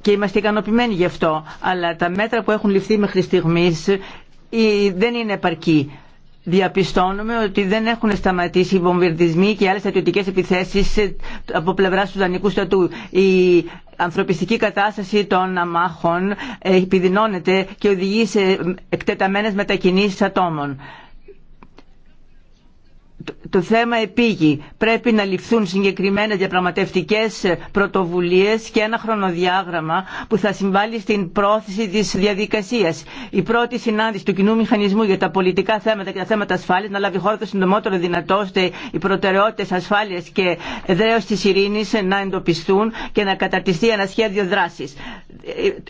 και είμαστε ικανοποιημένοι γι' αυτό. Αλλά τα μέτρα που έχουν ληφθεί μέχρι στιγμή ε, δεν είναι επαρκή διαπιστώνουμε ότι δεν έχουν σταματήσει οι βομβερδισμοί και άλλες στρατιωτικές επιθέσεις από πλευρά του δανεικού στρατού. Η ανθρωπιστική κατάσταση των αμάχων επιδεινώνεται και οδηγεί σε εκτεταμένες μετακινήσεις ατόμων το θέμα επίγει. Πρέπει να ληφθούν συγκεκριμένες διαπραγματευτικές πρωτοβουλίες και ένα χρονοδιάγραμμα που θα συμβάλλει στην πρόθεση της διαδικασίας. Η πρώτη συνάντηση του κοινού μηχανισμού για τα πολιτικά θέματα και τα θέματα ασφάλειας να λάβει χώρα το συντομότερο δυνατό ώστε οι προτεραιότητες ασφάλειας και δρέως της ειρήνης να εντοπιστούν και να καταρτιστεί ένα σχέδιο δράσης.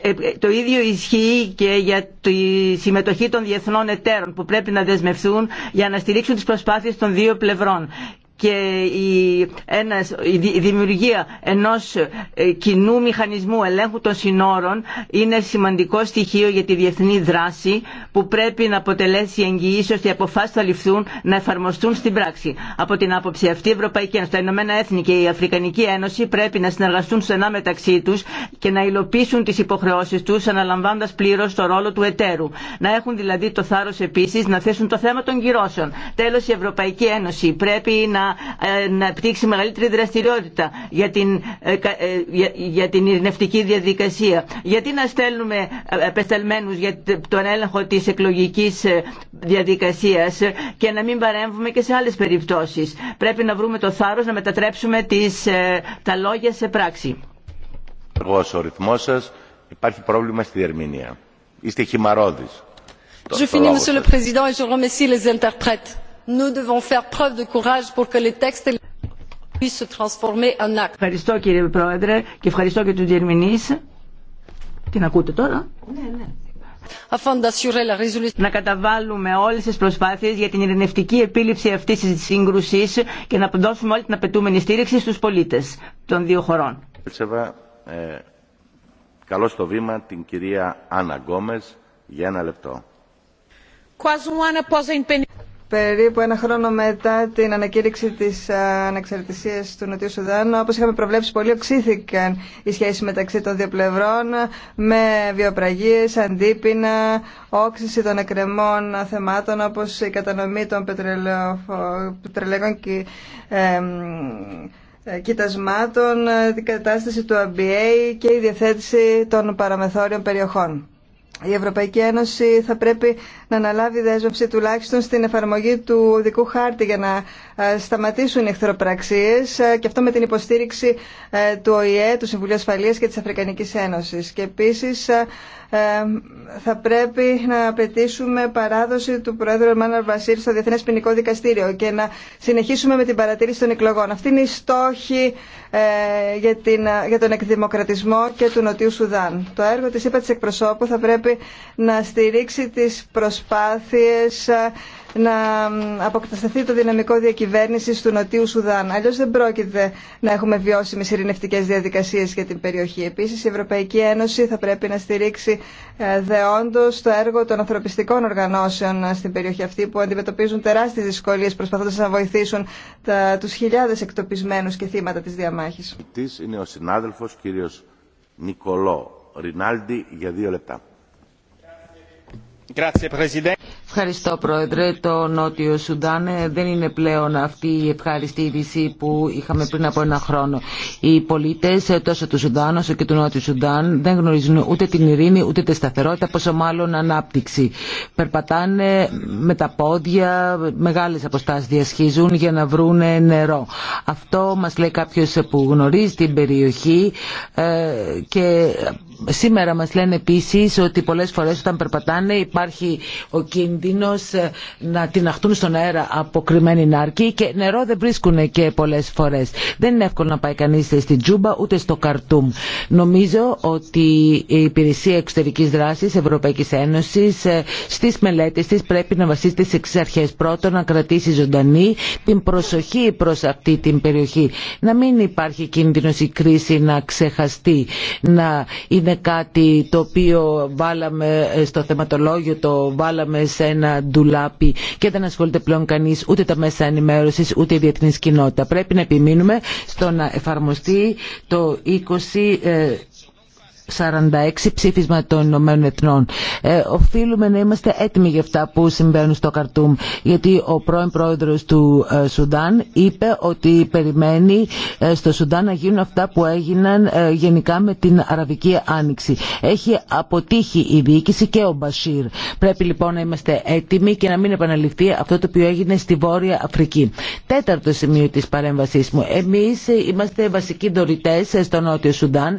Ε, ε, το ίδιο ισχύει και για τη συμμετοχή των διεθνών εταίρων που πρέπει να δεσμευθούν για να στηρίξουν τις προσπάθειες των δύο δύο πλευρών και η, ένας, η δημιουργία ενός ε, κοινού μηχανισμού ελέγχου των συνόρων είναι σημαντικό στοιχείο για τη διεθνή δράση που πρέπει να αποτελέσει εγγυήσει ώστε οι αποφάσει θα ληφθούν να εφαρμοστούν στην πράξη. Από την άποψη αυτή, η Ευρωπαϊκή Ένωση, τα Ηνωμένα Έθνη και η Αφρικανική Ένωση πρέπει να συνεργαστούν στενά μεταξύ του και να υλοποιήσουν τι υποχρεώσει του, αναλαμβάνοντα πλήρω το ρόλο του εταίρου. Να έχουν δηλαδή το θάρρο επίση να θέσουν το θέμα των κυρώσεων. Τέλο, η Ευρωπαϊκή Ένωση πρέπει να ε, να, μεγαλύτερη δραστηριότητα για την, ε, ε, για, την ειρηνευτική διαδικασία. Γιατί να στέλνουμε απεσταλμένους για τον έλεγχο της εκλογικής διαδικασίας και να μην παρέμβουμε και σε άλλες περιπτώσεις. Πρέπει να βρούμε το θάρρος να μετατρέψουμε τις, τα λόγια σε πράξη. Ο ρυθμός σας υπάρχει πρόβλημα στη διερμηνία. Είστε χυμαρόδης. Je finis, le Président, et je les interprètes nous devons faire preuve de courage pour que les textes puissent se transformer en actes. Ευχαριστώ κύριε Πρόεδρε και ευχαριστώ και τους διερμηνείς. Την ακούτε τώρα. Ναι, ναι. Να καταβάλουμε όλε τι προσπάθειε για την ειρηνευτική επίληψη αυτή τη σύγκρουση και να δώσουμε όλη την απαιτούμενη στήριξη στου πολίτε των δύο χωρών. Ε, καλώ στο βήμα την κυρία Άννα Γκόμε για ένα λεπτό περίπου ένα χρόνο μετά την ανακήρυξη της ε, ανεξαρτησία του Νοτιού Σουδάν, όπως είχαμε προβλέψει πολύ, οξύθηκαν οι σχέσει μεταξύ των δύο πλευρών με βιοπραγίε, αντίπεινα, όξυση των εκκρεμών θεμάτων όπως η κατανομή των πετρελαίων και ε, κοιτασμάτων, ε, την κατάσταση του ABA και η διαθέτηση των παραμεθόριων περιοχών η Ευρωπαϊκή Ένωση θα πρέπει να αναλάβει δέσμευση τουλάχιστον στην εφαρμογή του οδικού χάρτη για να ε, σταματήσουν οι εχθροπραξίες ε, και αυτό με την υποστήριξη ε, του ΟΗΕ, του Συμβουλίου Ασφαλείας και της Αφρικανικής Ένωσης. Και επίσης θα πρέπει να απαιτήσουμε παράδοση του Πρόεδρου Μάναρ Βασίλη στο Διεθνές Ποινικό Δικαστήριο και να συνεχίσουμε με την παρατήρηση των εκλογών. Αυτή είναι η στόχη για, τον εκδημοκρατισμό και του Νοτιού Σουδάν. Το έργο της ΥΠΑ της εκπροσώπου θα πρέπει να στηρίξει τις προσπάθειες να αποκτασταθεί το δυναμικό διακυβέρνηση του Νοτίου Σουδάν. Αλλιώ δεν πρόκειται να έχουμε βιώσιμε ειρηνευτικέ διαδικασίε για την περιοχή. Επίση, η Ευρωπαϊκή Ένωση θα πρέπει να στηρίξει ε, δεόντω το έργο των ανθρωπιστικών οργανώσεων ε, στην περιοχή αυτή που αντιμετωπίζουν τεράστιε δυσκολίε προσπαθώντα να βοηθήσουν του χιλιάδε εκτοπισμένου και θύματα τη διαμάχη. Είναι ο συνάδελφο κύριο Νικολό για λεπτά. Ευχαριστώ Πρόεδρε. Το Νότιο Σουντάν ε, δεν είναι πλέον αυτή η ευχάριστη είδηση που είχαμε πριν από ένα χρόνο. Οι πολίτες ε, τόσο του Σουδάν όσο και του Νότιου Σουδάν δεν γνωρίζουν ούτε την ειρήνη ούτε τη σταθερότητα πόσο μάλλον ανάπτυξη. Περπατάνε με τα πόδια, μεγάλες αποστάσεις διασχίζουν για να βρουν νερό. Αυτό μας λέει κάποιος που γνωρίζει την περιοχή ε, και σήμερα μας λένε επίσης ότι πολλές φορές όταν περπατάνε υπάρχει ο κίνδυνος ε, να τυναχτούν στον αέρα από κρυμμένη νάρκη και νερό δεν βρίσκουν και πολλές φορές. Δεν είναι εύκολο να πάει κανείς στην Τζούμπα ούτε στο Καρτούμ. Νομίζω ότι η Υπηρεσία Εξωτερικής Δράσης Ευρωπαϊκής Ένωσης ε, στις μελέτες της πρέπει να βασίζεται σε εξής αρχές. Πρώτον να κρατήσει ζωντανή την προσοχή προς αυτή την περιοχή. Να μην υπάρχει κίνδυνος η κρίση να ξεχαστεί, να είναι κάτι το οποίο βάλαμε στο θεματολόγιο, το βάλαμε σε ένα ντουλάπι και δεν ασχολείται πλέον κανείς ούτε τα μέσα ενημέρωσης ούτε η διεθνής κοινότητα. Πρέπει να επιμείνουμε στο να εφαρμοστεί το 20 46 ψήφισμα των Ηνωμένων Εθνών. Ε, οφείλουμε να είμαστε έτοιμοι για αυτά που συμβαίνουν στο Καρτούμ. Γιατί ο πρώην πρόεδρος του ε, Σουδάν είπε ότι περιμένει ε, στο Σουδάν να γίνουν αυτά που έγιναν ε, γενικά με την Αραβική Άνοιξη. Έχει αποτύχει η διοίκηση και ο Μπασίρ. Πρέπει λοιπόν να είμαστε έτοιμοι και να μην επαναληφθεί αυτό το οποίο έγινε στη Βόρεια Αφρική. Τέταρτο σημείο της παρέμβασής μου. Εμείς είμαστε βασικοί δωρητές στο Νότιο Σουδάν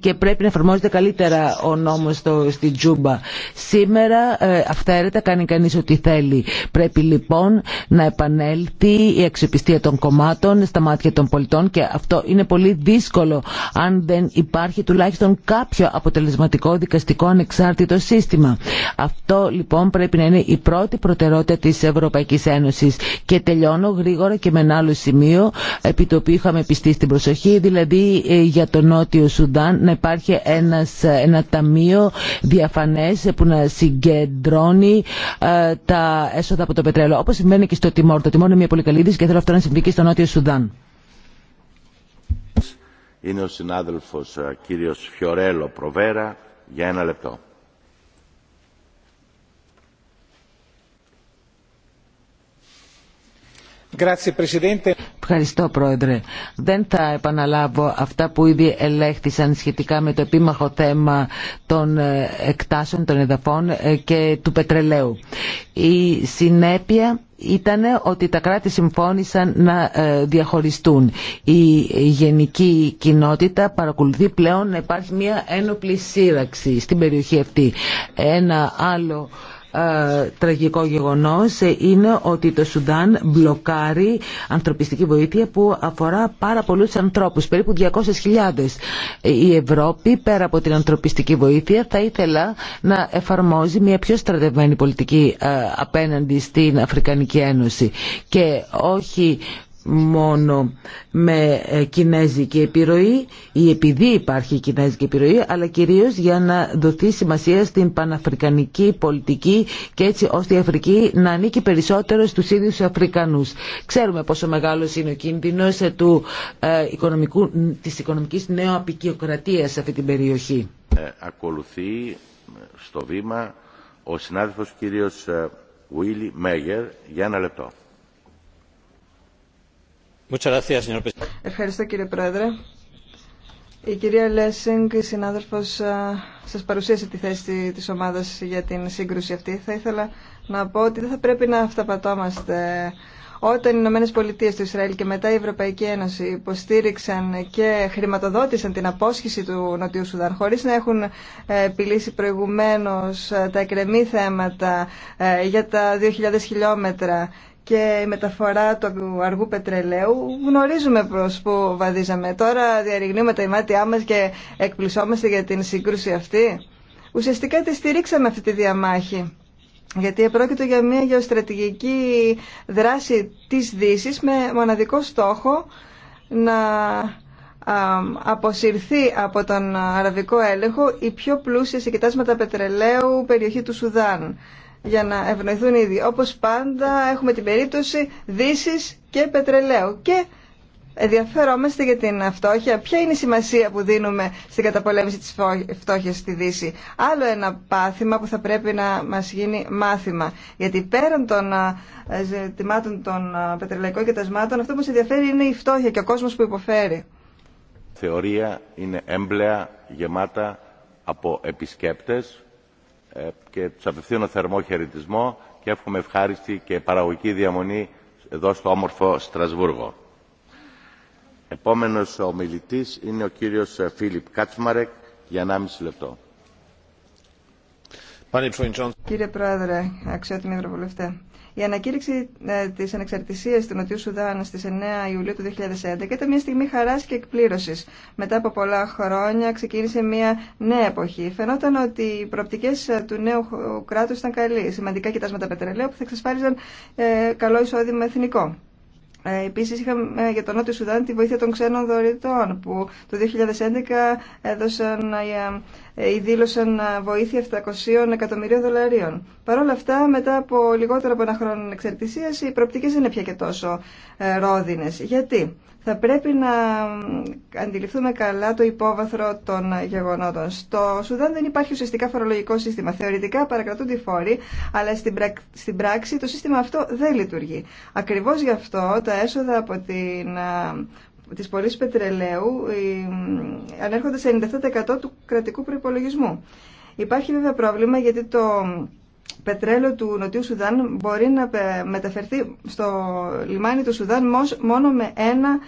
και πρέπει πρέπει να εφαρμόζεται καλύτερα ο νόμος στην στη Τζούμπα. Σήμερα ε, αυθαίρετα κάνει κανείς ό,τι θέλει. Πρέπει λοιπόν να επανέλθει η αξιοπιστία των κομμάτων στα μάτια των πολιτών και αυτό είναι πολύ δύσκολο αν δεν υπάρχει τουλάχιστον κάποιο αποτελεσματικό δικαστικό ανεξάρτητο σύστημα. Αυτό λοιπόν πρέπει να είναι η πρώτη προτεραιότητα της Ευρωπαϊκής Ένωσης. Και τελειώνω γρήγορα και με ένα άλλο σημείο επί το οποίο είχαμε πιστεί στην προσοχή, δηλαδή ε, για το Νότιο Σουδάν να υπάρχει υπάρχει ένας, ένα ταμείο διαφανές που να συγκεντρώνει ε, τα έσοδα από το πετρέλαιο. Όπως συμβαίνει και στο Τιμόρ. Το Τιμόρ είναι μια πολύ καλή και θέλω αυτό να συμβεί και στο Νότιο Σουδάν. Είναι ο συνάδελφος ε, κύριος Φιωρέλο Προβέρα για ένα λεπτό. Ευχαριστώ Πρόεδρε. Δεν θα επαναλάβω αυτά που ήδη ελέγχθησαν σχετικά με το επίμαχο θέμα των ε, εκτάσεων των εδαφών ε, και του πετρελαίου. Η συνέπεια ήταν ότι τα κράτη συμφώνησαν να ε, διαχωριστούν. Η γενική κοινότητα παρακολουθεί πλέον να υπάρχει μια ένοπλη σύραξη στην περιοχή αυτή. Ένα άλλο ε, τραγικό γεγονός είναι ότι το Σουδάν μπλοκάρει ανθρωπιστική βοήθεια που αφορά πάρα πολλούς ανθρώπους, περίπου 200.000. Η Ευρώπη πέρα από την ανθρωπιστική βοήθεια θα ήθελα να εφαρμόζει μια πιο στρατευμένη πολιτική ε, απέναντι στην Αφρικανική Ένωση και όχι μόνο με ε, κινέζικη επιρροή ή επειδή υπάρχει κινέζικη επιρροή αλλά κυρίως για να δοθεί σημασία στην παναφρικανική πολιτική και έτσι ώστε η Αφρική να ανήκει περισσότερο στους ίδιους Αφρικανούς. Ξέρουμε πόσο μεγάλος είναι ο κίνδυνος ε, του, ε, οικονομικού, της οικονομικής νεοαπικιοκρατίας σε αυτή την περιοχή. Ε, ακολουθεί στο βήμα ο συνάδελφος κύριος Βίλι Μέγερ για ένα λεπτό. Ευχαριστώ κύριε Πρόεδρε. Η κυρία Λέσσινγκ, η συνάδελφος, σας παρουσίασε τη θέση της ομάδας για την σύγκρουση αυτή. Θα ήθελα να πω ότι δεν θα πρέπει να αυταπατώμαστε. Όταν οι Ηνωμένε Πολιτείε του Ισραήλ και μετά η Ευρωπαϊκή Ένωση υποστήριξαν και χρηματοδότησαν την απόσχηση του Νοτιού Σουδάν χωρί να έχουν ε, επιλύσει προηγουμένω ε, τα εκρεμή θέματα ε, για τα 2.000 χιλιόμετρα και η μεταφορά του αργού πετρελαίου γνωρίζουμε προς που βαδίζαμε. Τώρα διαρριγνύουμε τα ημάτια μας και εκπλησόμαστε για την σύγκρουση αυτή. Ουσιαστικά τη στηρίξαμε αυτή τη διαμάχη. Γιατί επρόκειτο για μια γεωστρατηγική δράση της δύση με μοναδικό στόχο να αποσυρθεί από τον αραβικό έλεγχο η πιο πλούσια σε κοιτάσματα πετρελαίου περιοχή του Σουδάν για να ευνοηθούν ήδη. Όπως πάντα έχουμε την περίπτωση δύση και πετρελαίου. Και ενδιαφερόμαστε για την φτώχεια. Ποια είναι η σημασία που δίνουμε στην καταπολέμηση της φτώχειας στη Δύση. Άλλο ένα πάθημα που θα πρέπει να μας γίνει μάθημα. Γιατί πέραν των ε, ζητημάτων των ε, πετρελαϊκών και αυτό που μας ενδιαφέρει είναι η φτώχεια και ο κόσμος που υποφέρει. Θεωρία είναι έμπλεα γεμάτα από επισκέπτες ε, και τους απευθύνω θερμό χαιρετισμό και εύχομαι ευχάριστη και παραγωγική διαμονή εδώ στο όμορφο Στρασβούργο. Επόμενος ομιλητής είναι ο κύριος ε, Φίλιπ Κάτσμαρεκ για 1,5 λεπτό. Κύριε Πρόεδρε, αξιότιμη Ευρωβουλευτέ, η ανακήρυξη ε, τη ανεξαρτησία του Νοτιού Σουδάν στι 9 Ιουλίου του 2011 ήταν μια στιγμή χαρά και εκπλήρωση. Μετά από πολλά χρόνια ξεκίνησε μια νέα εποχή. Φαινόταν ότι οι προοπτικέ ε, του νέου κράτου ήταν καλή. Σημαντικά κοιτάσματα πετρελαίου που θα εξασφάλιζαν ε, καλό εισόδημα εθνικό. Ε, επίσης είχαμε ε, για τον Νότιο Σουδάν τη βοήθεια των ξένων δωρητών που το 2011 έδωσαν, ε, δήλωσαν βοήθεια 700 εκατομμυρίων δολαρίων. Παρ' όλα αυτά μετά από λιγότερο από ένα χρόνο εξαρτησίας οι προοπτικές δεν είναι πια και τόσο ρόδινες. Γιατί θα πρέπει να αντιληφθούμε καλά το υπόβαθρο των γεγονότων. Στο Σουδάν δεν υπάρχει ουσιαστικά φορολογικό σύστημα. Θεωρητικά παρακρατούνται οι φόροι, αλλά στην πράξη το σύστημα αυτό δεν λειτουργεί. Ακριβώς γι' αυτό τα έσοδα από την τις πωλήσει πετρελαίου ανέρχονται σε 97% του κρατικού προϋπολογισμού. Υπάρχει βέβαια πρόβλημα γιατί το πετρέλαιο του Νοτιού Σουδάν μπορεί να μεταφερθεί στο λιμάνι του Σουδάν μόνο με ένα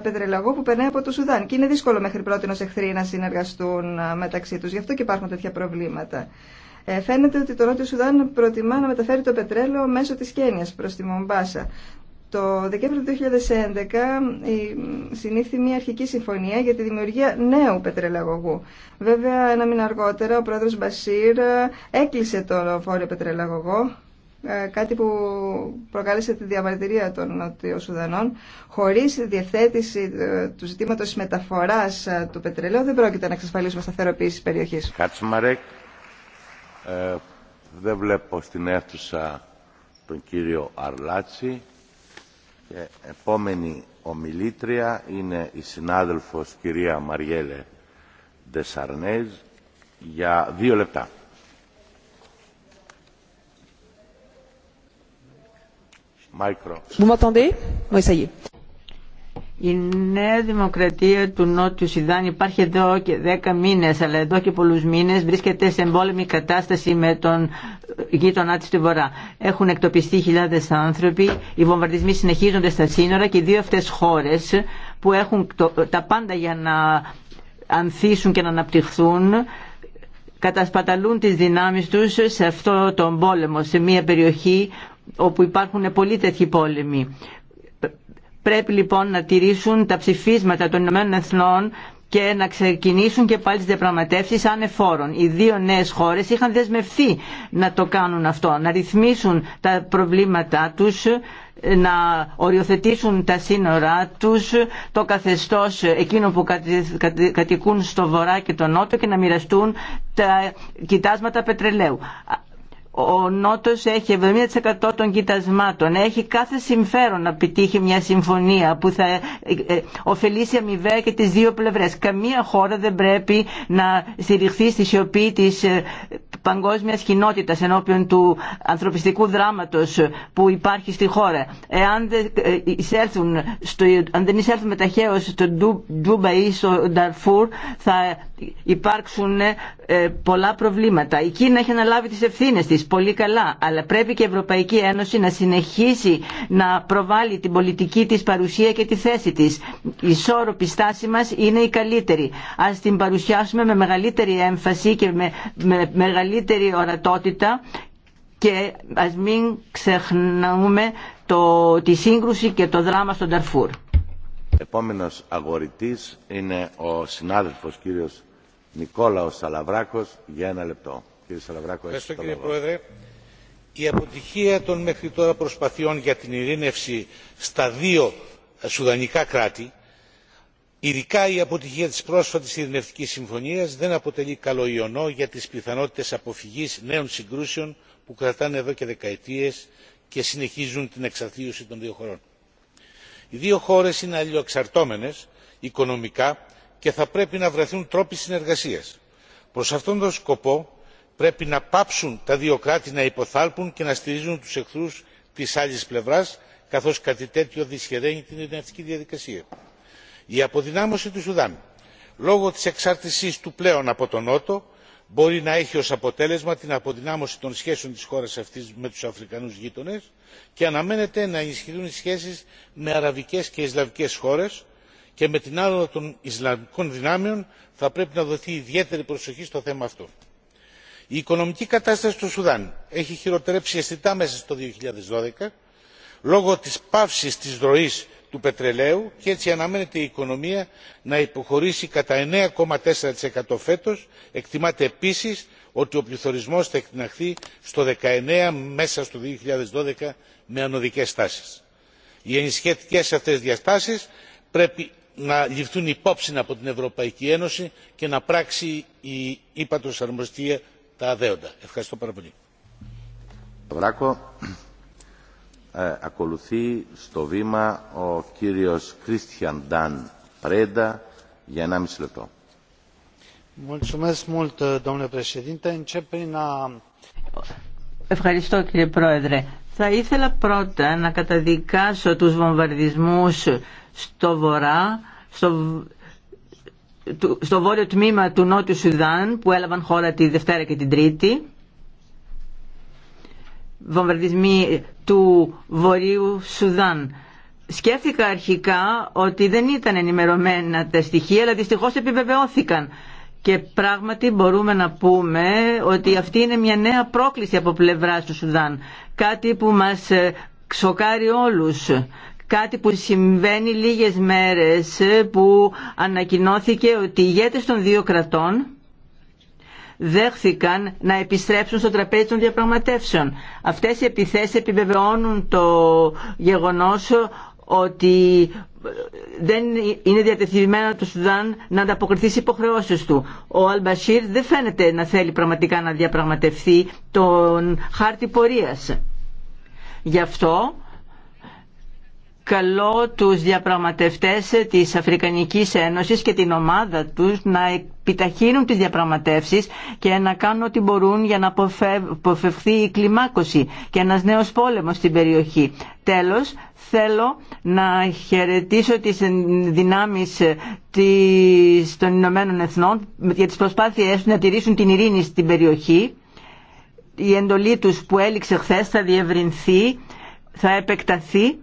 πετρελαγό που περνάει από το Σουδάν. Και είναι δύσκολο μέχρι πρώτη ως εχθροί να συνεργαστούν μεταξύ τους. Γι' αυτό και υπάρχουν τέτοια προβλήματα. Ε, φαίνεται ότι το Νότιο Σουδάν προτιμά να μεταφέρει το πετρέλαιο μέσω της Κένιας προς τη Μομπάσα. Το Δεκέμβριο του 2011 συνήθη μια αρχική συμφωνία για τη δημιουργία νέου πετρελαγωγού. Βέβαια, ένα μήνα αργότερα, ο πρόεδρος Μπασίρ ε, έκλεισε το φόρο πετρελαγωγό, ε, κάτι που προκάλεσε τη διαμαρτυρία των Νοτιοσουδανών. Χωρίς διευθέτηση ε, του ζητήματος μεταφοράς του πετρελαίου δεν πρόκειται να εξασφαλίσουμε σταθεροποίηση της περιοχής. Κάτσμαρεκ, δεν βλέπω στην αίθουσα τον κύριο Αρλάτσι και επόμενη ομιλήτρια είναι η συνάδελφος κυρία Μαριέλε Ντεσαρνέζ για δύο λεπτά. Μάικρο. Vous m'entendez Oui, ça y η νέα δημοκρατία του Νότιου Σιδάν υπάρχει εδώ και δέκα μήνες, αλλά εδώ και πολλούς μήνες βρίσκεται σε εμπόλεμη κατάσταση με τον γείτονά της του Βορρά. Έχουν εκτοπιστεί χιλιάδες άνθρωποι, οι βομβαρδισμοί συνεχίζονται στα σύνορα και οι δύο αυτές χώρες που έχουν τα πάντα για να ανθίσουν και να αναπτυχθούν κατασπαταλούν τις δυνάμεις τους σε αυτό τον πόλεμο, σε μια περιοχή όπου υπάρχουν πολλοί τέτοιοι πόλεμοι πρέπει λοιπόν να τηρήσουν τα ψηφίσματα των Ηνωμένων Εθνών και να ξεκινήσουν και πάλι τι διαπραγματεύσει ανεφόρων. Οι δύο νέε χώρε είχαν δεσμευθεί να το κάνουν αυτό, να ρυθμίσουν τα προβλήματά τους, να οριοθετήσουν τα σύνορά τους, το καθεστώ εκείνο που κατοικούν στο βορρά και το νότο και να μοιραστούν τα κοιτάσματα πετρελαίου ο Νότος έχει 70% των κοιτασμάτων, έχει κάθε συμφέρον να επιτύχει μια συμφωνία που θα ε, ε, ωφελήσει αμοιβαία και τις δύο πλευρές. Καμία χώρα δεν πρέπει να στηριχθεί στη σιωπή της ε, παγκόσμιας κοινότητας ενώπιον του ανθρωπιστικού δράματος που υπάρχει στη χώρα. Εάν δεν εισέλθουν, στο, αν δεν εισέλθουν μεταχέως στο Ντούμπα ή στο Νταρφούρ θα υπάρξουν πολλά προβλήματα. Η Κίνα έχει αναλάβει τις ευθύνες της Πολύ καλά. Αλλά πρέπει και η Ευρωπαϊκή Ένωση να συνεχίσει να προβάλλει την πολιτική της παρουσία και τη θέση της. Η ισόρροπη στάση μας είναι η καλύτερη. Ας την παρουσιάσουμε με μεγαλύτερη έμφαση και με, μεγαλύτερη ορατότητα και ας μην ξεχνάμε το, τη σύγκρουση και το δράμα στον Ταρφούρ. Επόμενος αγορητής είναι ο συνάδελφος κύριος Νικόλαος Σαλαβράκος για ένα λεπτό. Ευχαριστώ κύριε Πρόεδρε. Η αποτυχία των μέχρι τώρα προσπαθειών για την ειρήνευση στα δύο ε, σουδανικά κράτη, ειδικά η αποτυχία της πρόσφατης ειρηνευτικής συμφωνίας, δεν αποτελεί καλό ιονό για τις πιθανότητες αποφυγής νέων συγκρούσεων που κρατάνε εδώ και δεκαετίες και συνεχίζουν την εξαθλίωση των δύο χωρών. Οι δύο χώρες είναι αλληλοεξαρτώμενες οικονομικά και θα πρέπει να βρεθούν τρόποι συνεργασίας. Προς αυτόν τον σκοπό πρέπει να πάψουν τα δύο κράτη να υποθάλπουν και να στηρίζουν τους εχθρούς της άλλης πλευράς καθώς κάτι τέτοιο δυσχεραίνει την ειρηνευτική διαδικασία. η αποδυνάμωση του σουδάν λόγω της εξάρτησής του πλέον από τον νότο μπορεί να έχει ως αποτέλεσμα την αποδυνάμωση των σχέσεων της χώρας αυτής με τους αφρικανούς γείτονες και αναμένεται να ενισχυθούν οι σχέσεις με αραβικές και ισλαμικές χώρες και με την άνοδο των ισλαμικών δυνάμεων θα πρέπει να δοθεί ιδιαίτερη προσοχή στο θέμα αυτό η οικονομική κατάσταση του σουδάν έχει χειροτερέψει αισθητά μέσα στο 2012 λόγω της πάυσης της ροής του πετρελαίου και έτσι αναμένεται η οικονομία να υποχωρήσει κατά 9,4% φέτος. εκτιμάται επίσης ότι ο πληθωρισμός θα εκτιναχθεί στο 19% μέσα στο 2012 με ανωδικές τάσεις. Οι ενισχυτικές αυτές διαστάσεις πρέπει να ληφθούν υπόψη από την Ευρωπαϊκή Ένωση και να πράξει η ύπατος αρμοστία τα αδέοντα. Ευχαριστώ πάρα πολύ. Βράκο. Ε, ακολουθεί στο βήμα ο κύριος Κρίστιαν Ντάν Πρέντα για μισή λεπτό. Ευχαριστώ κύριε Πρόεδρε. Θα ήθελα πρώτα να καταδικάσω τους βομβαρδισμούς στο Βορρά, στο στο βόρειο τμήμα του Νότιου Σουδάν που έλαβαν χώρα τη Δευτέρα και την Τρίτη βομβαρδισμοί του Βορείου Σουδάν. Σκέφτηκα αρχικά ότι δεν ήταν ενημερωμένα τα στοιχεία, αλλά δυστυχώς επιβεβαιώθηκαν. Και πράγματι μπορούμε να πούμε ότι αυτή είναι μια νέα πρόκληση από πλευρά του Σουδάν. Κάτι που μας ε, ξοκάρει όλους κάτι που συμβαίνει λίγες μέρες ε, που ανακοινώθηκε ότι οι ηγέτες των δύο κρατών δέχθηκαν να επιστρέψουν στο τραπέζι των διαπραγματεύσεων. Αυτές οι επιθέσεις επιβεβαιώνουν το γεγονός ότι ε, δεν είναι διατεθειμένο το Σουδάν να ανταποκριθεί στις υποχρεώσεις του. Ο Αλμπασίρ δεν φαίνεται να θέλει πραγματικά να διαπραγματευτεί τον χάρτη πορείας. Γι' αυτό καλώ τους διαπραγματευτές της Αφρικανικής Ένωσης και την ομάδα τους να επιταχύνουν τις διαπραγματεύσεις και να κάνουν ό,τι μπορούν για να αποφευχθεί η κλιμάκωση και ένας νέος πόλεμος στην περιοχή. Τέλος, θέλω να χαιρετήσω τις δυνάμεις των Ηνωμένων Εθνών για τις προσπάθειές να τηρήσουν την ειρήνη στην περιοχή. Η εντολή τους που έληξε χθε θα διευρυνθεί, θα επεκταθεί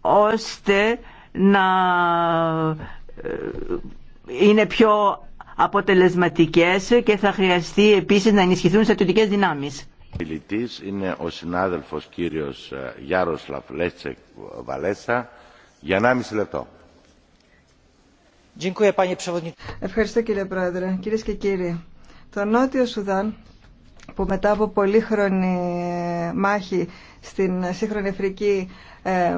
ώστε να ε, είναι πιο αποτελεσματικές και θα χρειαστεί επίσης να ενισχυθούν στρατιωτικές δυνάμεις. Μιλητής είναι ο συνάδελφος κύριος ε, Γιάρος Βαλέσα για λεπτό. Ευχαριστώ κύριε Πρόεδρε. Κυρίες και κύριοι, το Νότιο Σουδάν που μετά από πολύχρονη μάχη στην σύγχρονη Αφρική ε,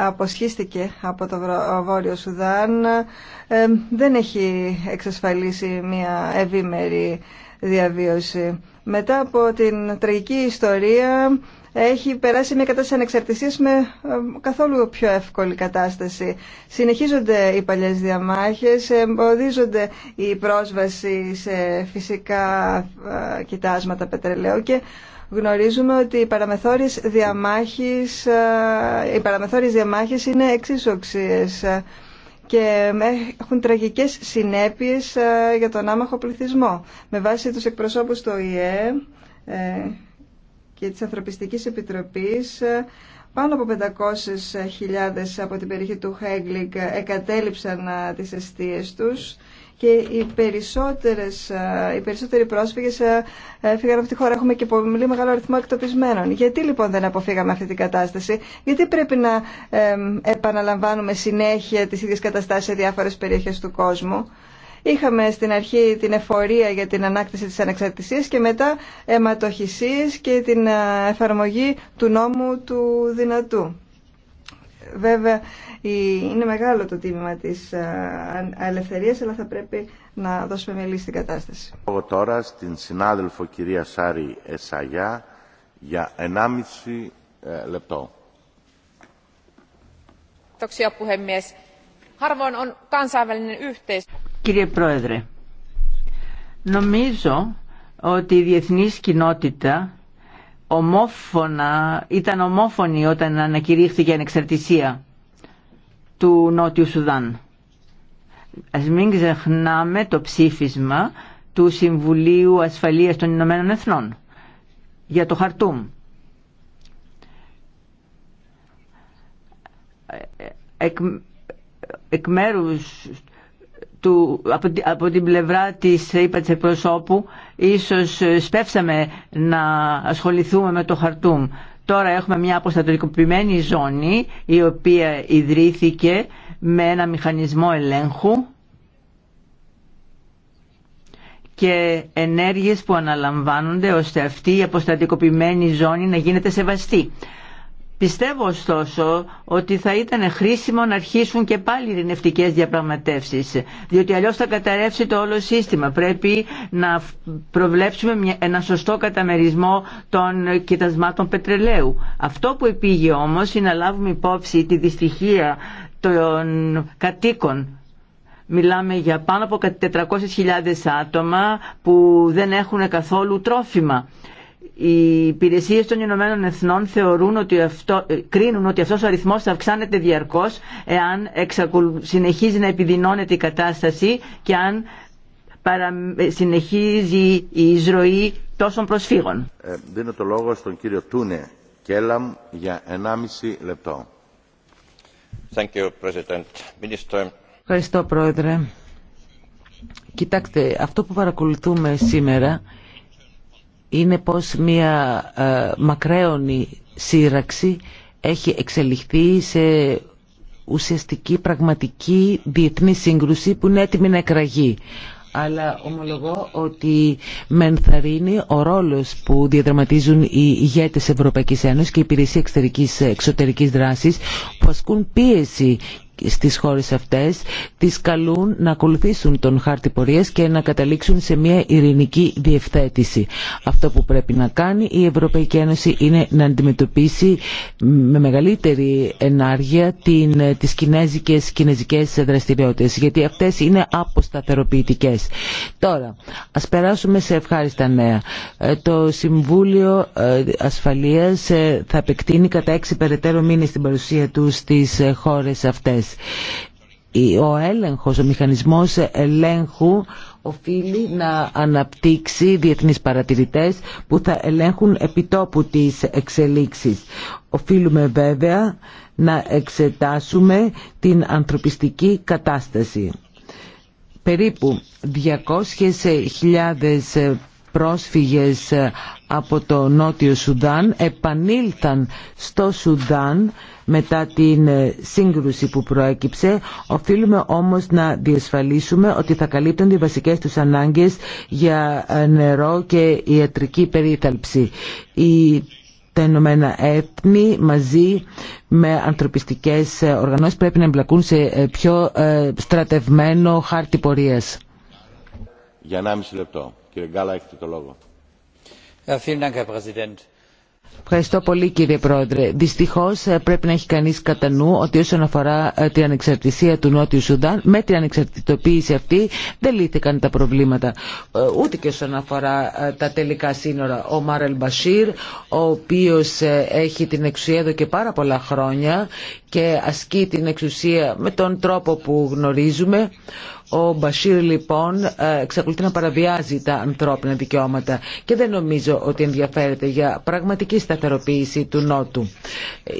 αποσχίστηκε από το Βόρειο Σουδάν ε, δεν έχει εξασφαλίσει μια ευήμερη διαβίωση. Μετά από την τραγική ιστορία έχει περάσει μια κατάσταση ανεξαρτησίας με ε, καθόλου πιο εύκολη κατάσταση. Συνεχίζονται οι παλιές διαμάχες, εμποδίζονται η πρόσβαση σε φυσικά ε, κοιτάσματα πετρελαίου και γνωρίζουμε ότι οι παραμεθόριες διαμάχες, ε, οι παραμεθόριες διαμάχες είναι εξίσοξιες ε, και έχουν τραγικές συνέπειες ε, για τον άμαχο πληθυσμό. Με βάση τους εκπροσώπους του ΙΕ και της Ανθρωπιστικής Επιτροπής, πάνω από 500.000 από την περιοχή του Χέγκλικ εκατέλειψαν τις αιστείες τους και οι, περισσότερες, ε, οι περισσότεροι πρόσφυγες έφυγαν ε, ε, από τη χώρα. Έχουμε και πολύ μεγάλο αριθμό εκτοπισμένων. Γιατί λοιπόν δεν αποφύγαμε αυτή την κατάσταση, γιατί πρέπει να επαναλαμβάνουμε συνέχεια τις ίδιες καταστάσεις σε διάφορες περιοχές του κόσμου. Είχαμε στην αρχή την εφορία για την ανάκτηση της ανεξαρτησίας και μετά αιματοχυσίες και την εφαρμογή του νόμου του δυνατού. Βέβαια είναι μεγάλο το τίμημα της ε, ελευθερίας, αλλά θα πρέπει να δώσουμε μια λύση στην κατάσταση. Λόγω τώρα στην συνάδελφο κυρία Σάρη Εσαγιά για 1,5 ε, λεπτό. Κύριε Πρόεδρε, νομίζω ότι η διεθνής κοινότητα ομόφωνα, ήταν ομόφωνη όταν ανακηρύχθηκε η ανεξαρτησία του Νότιου Σουδάν. Ας μην ξεχνάμε το ψήφισμα του Συμβουλίου Ασφαλείας των Ηνωμένων Εθνών για το Χαρτούμ. Ε, ε, εκ, εκ μέρους του, από, την πλευρά της είπα ίσως ε, σπεύσαμε να ασχοληθούμε με το χαρτούμ. Τώρα έχουμε μια αποστατικοποιημένη ζώνη η οποία ιδρύθηκε με ένα μηχανισμό ελέγχου και ενέργειες που αναλαμβάνονται ώστε αυτή η αποστατικοποιημένη ζώνη να γίνεται σεβαστή. Πιστεύω ωστόσο ότι θα ήταν χρήσιμο να αρχίσουν και πάλι οι ειρηνευτικέ διαπραγματεύσει, διότι αλλιώ θα καταρρεύσει το όλο σύστημα. Πρέπει να προβλέψουμε ένα σωστό καταμερισμό των κοιτασμάτων πετρελαίου. Αυτό που επήγε όμω είναι να λάβουμε υπόψη τη δυστυχία των κατοίκων. Μιλάμε για πάνω από 400.000 άτομα που δεν έχουν καθόλου τρόφιμα. Οι υπηρεσίε των Ηνωμένων Εθνών θεωρούν ότι αυτό, ε, κρίνουν ότι αυτός ο αριθμός θα αυξάνεται διαρκώς εάν συνεχίζει να επιδεινώνεται η κατάσταση και αν παρα... Ε, συνεχίζει η εισρωή τόσων προσφύγων. Ε, δίνω το λόγο στον κύριο Τούνε Κέλαμ για 1,5 λεπτό. Thank you, President. Minister. Ευχαριστώ, Πρόεδρε. Κοιτάξτε, αυτό που παρακολουθούμε σήμερα είναι πως μια ε, μακραίωνη σύραξη έχει εξελιχθεί σε ουσιαστική πραγματική διεθνή σύγκρουση που είναι έτοιμη να εκραγεί. Αλλά ομολογώ ότι με ενθαρρύνει ο ρόλος που διαδραματίζουν οι ηγέτες Ευρωπαϊκής Ένωσης και η Υπηρεσία Εξωτερικής Δράσης που ασκούν πίεση στις χώρες αυτές τις καλούν να ακολουθήσουν τον χάρτη πορείας και να καταλήξουν σε μια ειρηνική διευθέτηση. Αυτό που πρέπει να κάνει η Ευρωπαϊκή Ένωση είναι να αντιμετωπίσει με μεγαλύτερη ενάργεια την, τις κινέζικες, κινέζικες δραστηριότητες γιατί αυτές είναι αποσταθεροποιητικές. Τώρα, ας περάσουμε σε ευχάριστα νέα. Ε, το Συμβούλιο ε, Ασφαλείας ε, θα επεκτείνει κατά έξι περαιτέρω μήνες την παρουσία του στις χώρες αυτές η Ο έλεγχος, ο μηχανισμός ελέγχου οφείλει να αναπτύξει διεθνείς παρατηρητές που θα ελέγχουν επιτόπου τις εξελίξεις. Οφείλουμε βέβαια να εξετάσουμε την ανθρωπιστική κατάσταση. Περίπου 200.000 πρόσφυγες ε, από το Νότιο Σουδάν επανήλθαν στο Σουδάν μετά την ε, σύγκρουση που προέκυψε. Οφείλουμε όμως να διασφαλίσουμε ότι θα καλύπτουν οι βασικές τους ανάγκες για ε, νερό και ιατρική περίθαλψη. Οι τα Ηνωμένα Έθνη μαζί με ανθρωπιστικές οργανώσεις πρέπει να εμπλακούν σε πιο στρατευμένο χάρτη πορείας. Για 1,5 λεπτό. Κύριε Γκάλα, έχετε το λόγο. Ε, Ευχαριστώ πολύ κύριε Πρόεδρε. Δυστυχώ ε, πρέπει να έχει κανεί κατά νου ότι όσον αφορά ε, την ανεξαρτησία του Νότιου Σουδάν, με την ανεξαρτητοποίηση αυτή δεν λύθηκαν τα προβλήματα. Ούτε και όσον αφορά τα τελικά σύνορα. Ο Μάρελ Μπασίρ, ο οποίο έχει την εξουσία εδώ και πάρα πολλά χρόνια και ασκεί την εξουσία με τον τρόπο που γνωρίζουμε, ο Μπασίρ λοιπόν ε, εξακολουθεί να παραβιάζει τα ανθρώπινα δικαιώματα και δεν νομίζω ότι ενδιαφέρεται για πραγματική σταθεροποίηση του Νότου.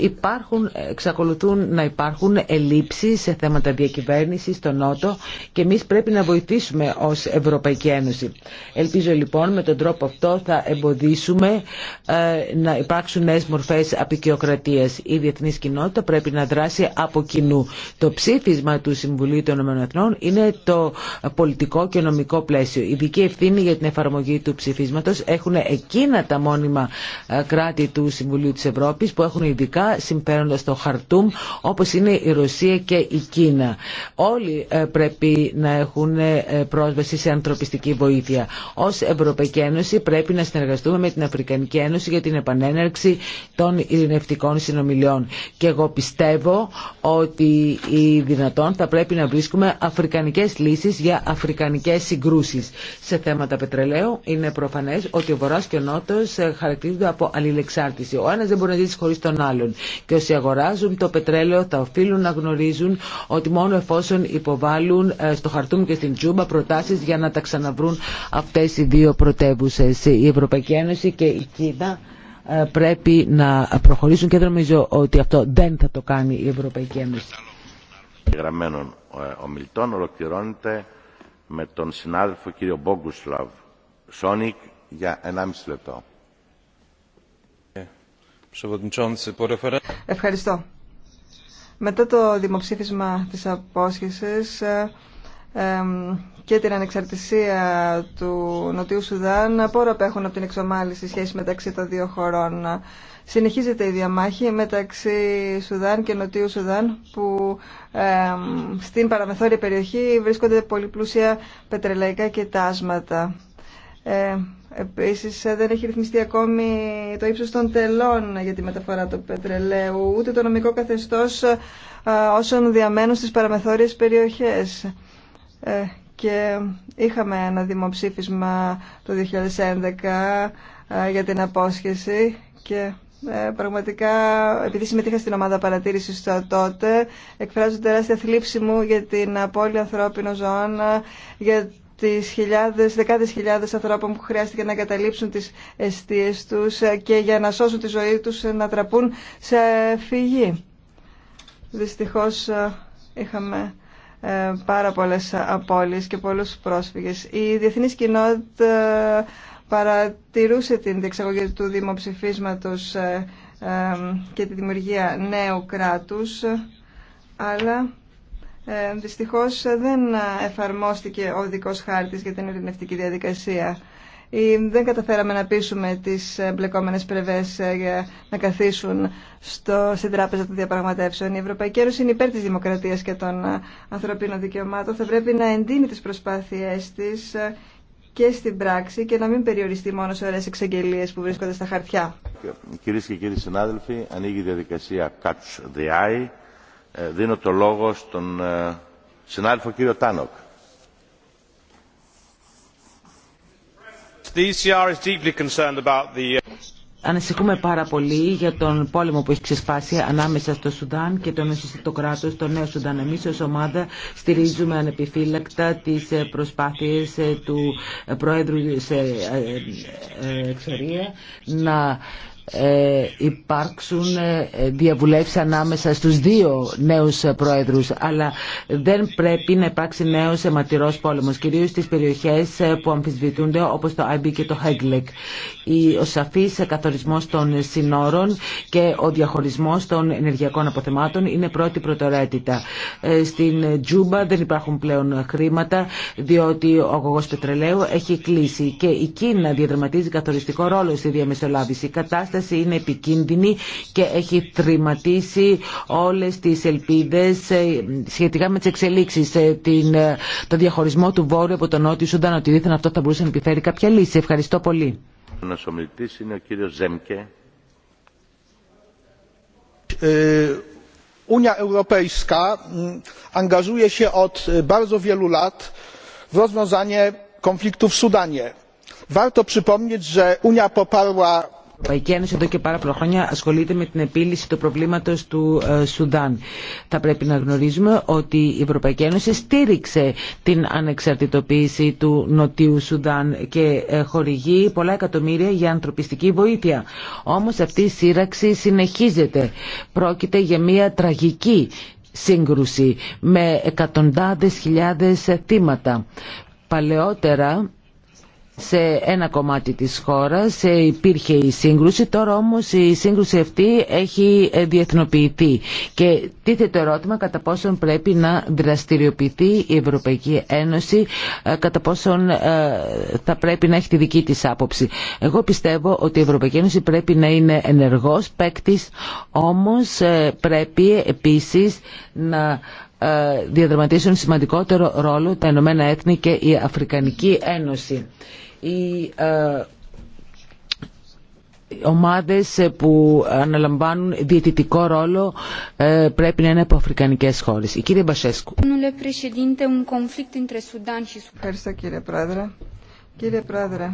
Υπάρχουν, εξακολουθούν να υπάρχουν ελλείψεις σε θέματα διακυβέρνησης στο Νότο και εμείς πρέπει να βοηθήσουμε ως Ευρωπαϊκή Ένωση. Ελπίζω λοιπόν με τον τρόπο αυτό θα εμποδίσουμε ε, να υπάρξουν νέες μορφές απεικιοκρατίας. Η διεθνής κοινότητα πρέπει να δράσει από κοινού. Το ψήφισμα του Συμβουλίου των είναι το πολιτικό και νομικό πλαίσιο. Η δική ευθύνη για την εφαρμογή του ψηφίσματο έχουν εκείνα τα μόνιμα ε, κράτη του Συμβουλίου τη Ευρώπη που έχουν ειδικά συμφέροντα στο χαρτούμ όπω είναι η Ρωσία και η Κίνα. Όλοι ε, πρέπει να έχουν ε, πρόσβαση σε ανθρωπιστική βοήθεια. Ω Ευρωπαϊκή Ένωση πρέπει να συνεργαστούμε με την Αφρικανική Ένωση για την επανέναρξη των ειρηνευτικών συνομιλιών. Και εγώ πιστεύω ότι οι δυνατόν θα πρέπει να βρίσκουμε αφρικανικέ Λύσει λύσεις για αφρικανικές συγκρούσεις. Σε θέματα πετρελαίου είναι προφανές ότι ο Βορράς και ο Νότος ε, χαρακτηρίζονται από αλληλεξάρτηση. Ο ένας δεν μπορεί να ζήσει χωρίς τον άλλον. Και όσοι αγοράζουν το πετρέλαιο θα οφείλουν να γνωρίζουν ότι μόνο εφόσον υποβάλλουν ε, στο χαρτούμ και στην Τζούμπα προτάσεις για να τα ξαναβρούν αυτές οι δύο πρωτεύουσες. Η Ευρωπαϊκή Ένωση και η Κίνα ε, πρέπει να προχωρήσουν και δεν νομίζω ότι αυτό δεν θα το κάνει η Ευρωπαϊκή Ένωση. Ε, μιλτών ολοκληρώνεται με τον συνάδελφο κύριο Μπόγκουσλαβ Σόνικ για 1,5 λεπτό. Ευχαριστώ. Μετά το δημοψήφισμα της απόσχεσης ε, και την ανεξαρτησία του Νοτιού Σουδάν πόρο απέχουν από την εξομάλυση σχέση μεταξύ των δύο χωρών Συνεχίζεται η διαμάχη μεταξύ Σουδάν και Νοτιού Σουδάν που στην παραμεθόρια περιοχή βρίσκονται πλούσια πετρελαϊκά κοιτάσματα. Ε, επίσης ε, δεν έχει ρυθμιστεί ακόμη το ύψος των τελών για τη μεταφορά του πετρελαίου, ούτε το νομικό καθεστώς ε, όσων διαμένουν στις παραμεθόριες περιοχές. Ε, και είχαμε ένα δημοψήφισμα το 2011 για την απόσχεση και ε, πραγματικά, επειδή συμμετείχα στην ομάδα παρατήρηση τότε, εκφράζω τεράστια θλίψη μου για την απώλεια ανθρώπινων ζώων, για τις χιλιάδες, δεκάδες χιλιάδες ανθρώπων που χρειάστηκε να καταλήψουν τις αιστείε τους και για να σώσουν τη ζωή τους να τραπούν σε φυγή. Δυστυχώς ε, είχαμε ε, πάρα πολλές απώλειες και πολλούς πρόσφυγες. Η διεθνής κοινότητα παρατηρούσε την διεξαγωγή του δημοψηφίσματος ε, ε, και τη δημιουργία νέου κράτους, αλλά ε, δυστυχώς δεν εφαρμόστηκε ο δικός χάρτης για την ειρηνευτική διαδικασία. Δεν καταφέραμε να πείσουμε τις μπλεκόμενες πρεβές για να καθίσουν στο, στην τράπεζα των διαπραγματεύσεων. Η Ευρωπαϊκή Ένωση είναι υπέρ της δημοκρατίας και των ανθρωπίνων δικαιωμάτων. Θα πρέπει να εντείνει τις προσπάθειές της και στην πράξη και να μην περιοριστεί μόνο σε ωραίε εξαγγελίε που βρίσκονται στα χαρτιά. Κυρίε και κύριοι συνάδελφοι, ανοίγει η διαδικασία Catch the Eye. Ε, δίνω το λόγο στον ε, συνάδελφο κύριο Τάνοκ. The e is deeply concerned about the... Ανασυχούμε πάρα πολύ για τον πόλεμο που έχει ξεσπάσει ανάμεσα στο Σουδάν και το το νέο Σουδάν. Εμεί ως ομάδα στηρίζουμε ανεπιφύλακτα τις ε, προσπάθειες ε, του Πρόεδρου σε ε, εξορία να ε, υπάρξουν ε, διαβουλεύσεις ανάμεσα στους δύο νέους πρόεδρους αλλά δεν πρέπει να υπάρξει νέος αιματηρός πόλεμος κυρίως στις περιοχές ε, που αμφισβητούνται όπως το Άμπι και το Χέγκλεκ ο σαφής καθορισμός των συνόρων και ο διαχωρισμός των ενεργειακών αποθεμάτων είναι πρώτη προτεραιότητα στην Τζούμπα δεν υπάρχουν πλέον χρήματα διότι ο αγωγός πετρελαίου έχει κλείσει και η Κίνα διαδραματίζει καθοριστικό ρόλο στη διαμεσολάβηση κατάσταση είναι επικίνδυνη και έχει τρηματίσει όλες τις ελπίδες ε, σχετικά με τις εξελίξεις, ε, την, ε, το διαχωρισμό του Βόρειου από τον Νότιο Σούνταν, ότι δίθεν αυτό θα μπορούσε να επιφέρει κάποια λύση. Ευχαριστώ πολύ. Ο είναι ο κύριος Ζέμκε. Ε, unia europejska mm, angażuje się od e, bardzo wielu lat w rozwiązanie konfliktu w sudanie. warto przypomnieć że unia poparła Ευρωπαϊκή Ένωση εδώ και πάρα πολλά χρόνια ασχολείται με την επίλυση του προβλήματος του ε, Σουδάν. Θα πρέπει να γνωρίζουμε ότι η Ευρωπαϊκή Ένωση στήριξε την ανεξαρτητοποίηση του Νοτιού Σουδάν και ε, χορηγεί πολλά εκατομμύρια για ανθρωπιστική βοήθεια. Όμως αυτή η σύραξη συνεχίζεται. Πρόκειται για μια τραγική σύγκρουση με εκατοντάδες χιλιάδες θύματα. Παλαιότερα σε ένα κομμάτι της χώρας υπήρχε η σύγκρουση, τώρα όμως η σύγκρουση αυτή έχει ε, διεθνοποιηθεί και τίθεται ερώτημα κατά πόσον πρέπει να δραστηριοποιηθεί η Ευρωπαϊκή Ένωση, ε, κατά πόσον ε, θα πρέπει να έχει τη δική της άποψη. Εγώ πιστεύω ότι η Ευρωπαϊκή Ένωση πρέπει να είναι ενεργός παίκτη, όμως πρέπει επίσης να διαδραματίσουν σημαντικότερο ρόλο τα Ηνωμένα Έθνη και η Αφρικανική Ένωση. Ε, οι ομάδες που αναλαμβάνουν διαιτητικό ρόλο ε, πρέπει να είναι από αφρικανικές χώρες. Η κύριε Μπασέσκου. Ευχαριστώ κύριε Πρόεδρε. Κύριε Πρόεδρε,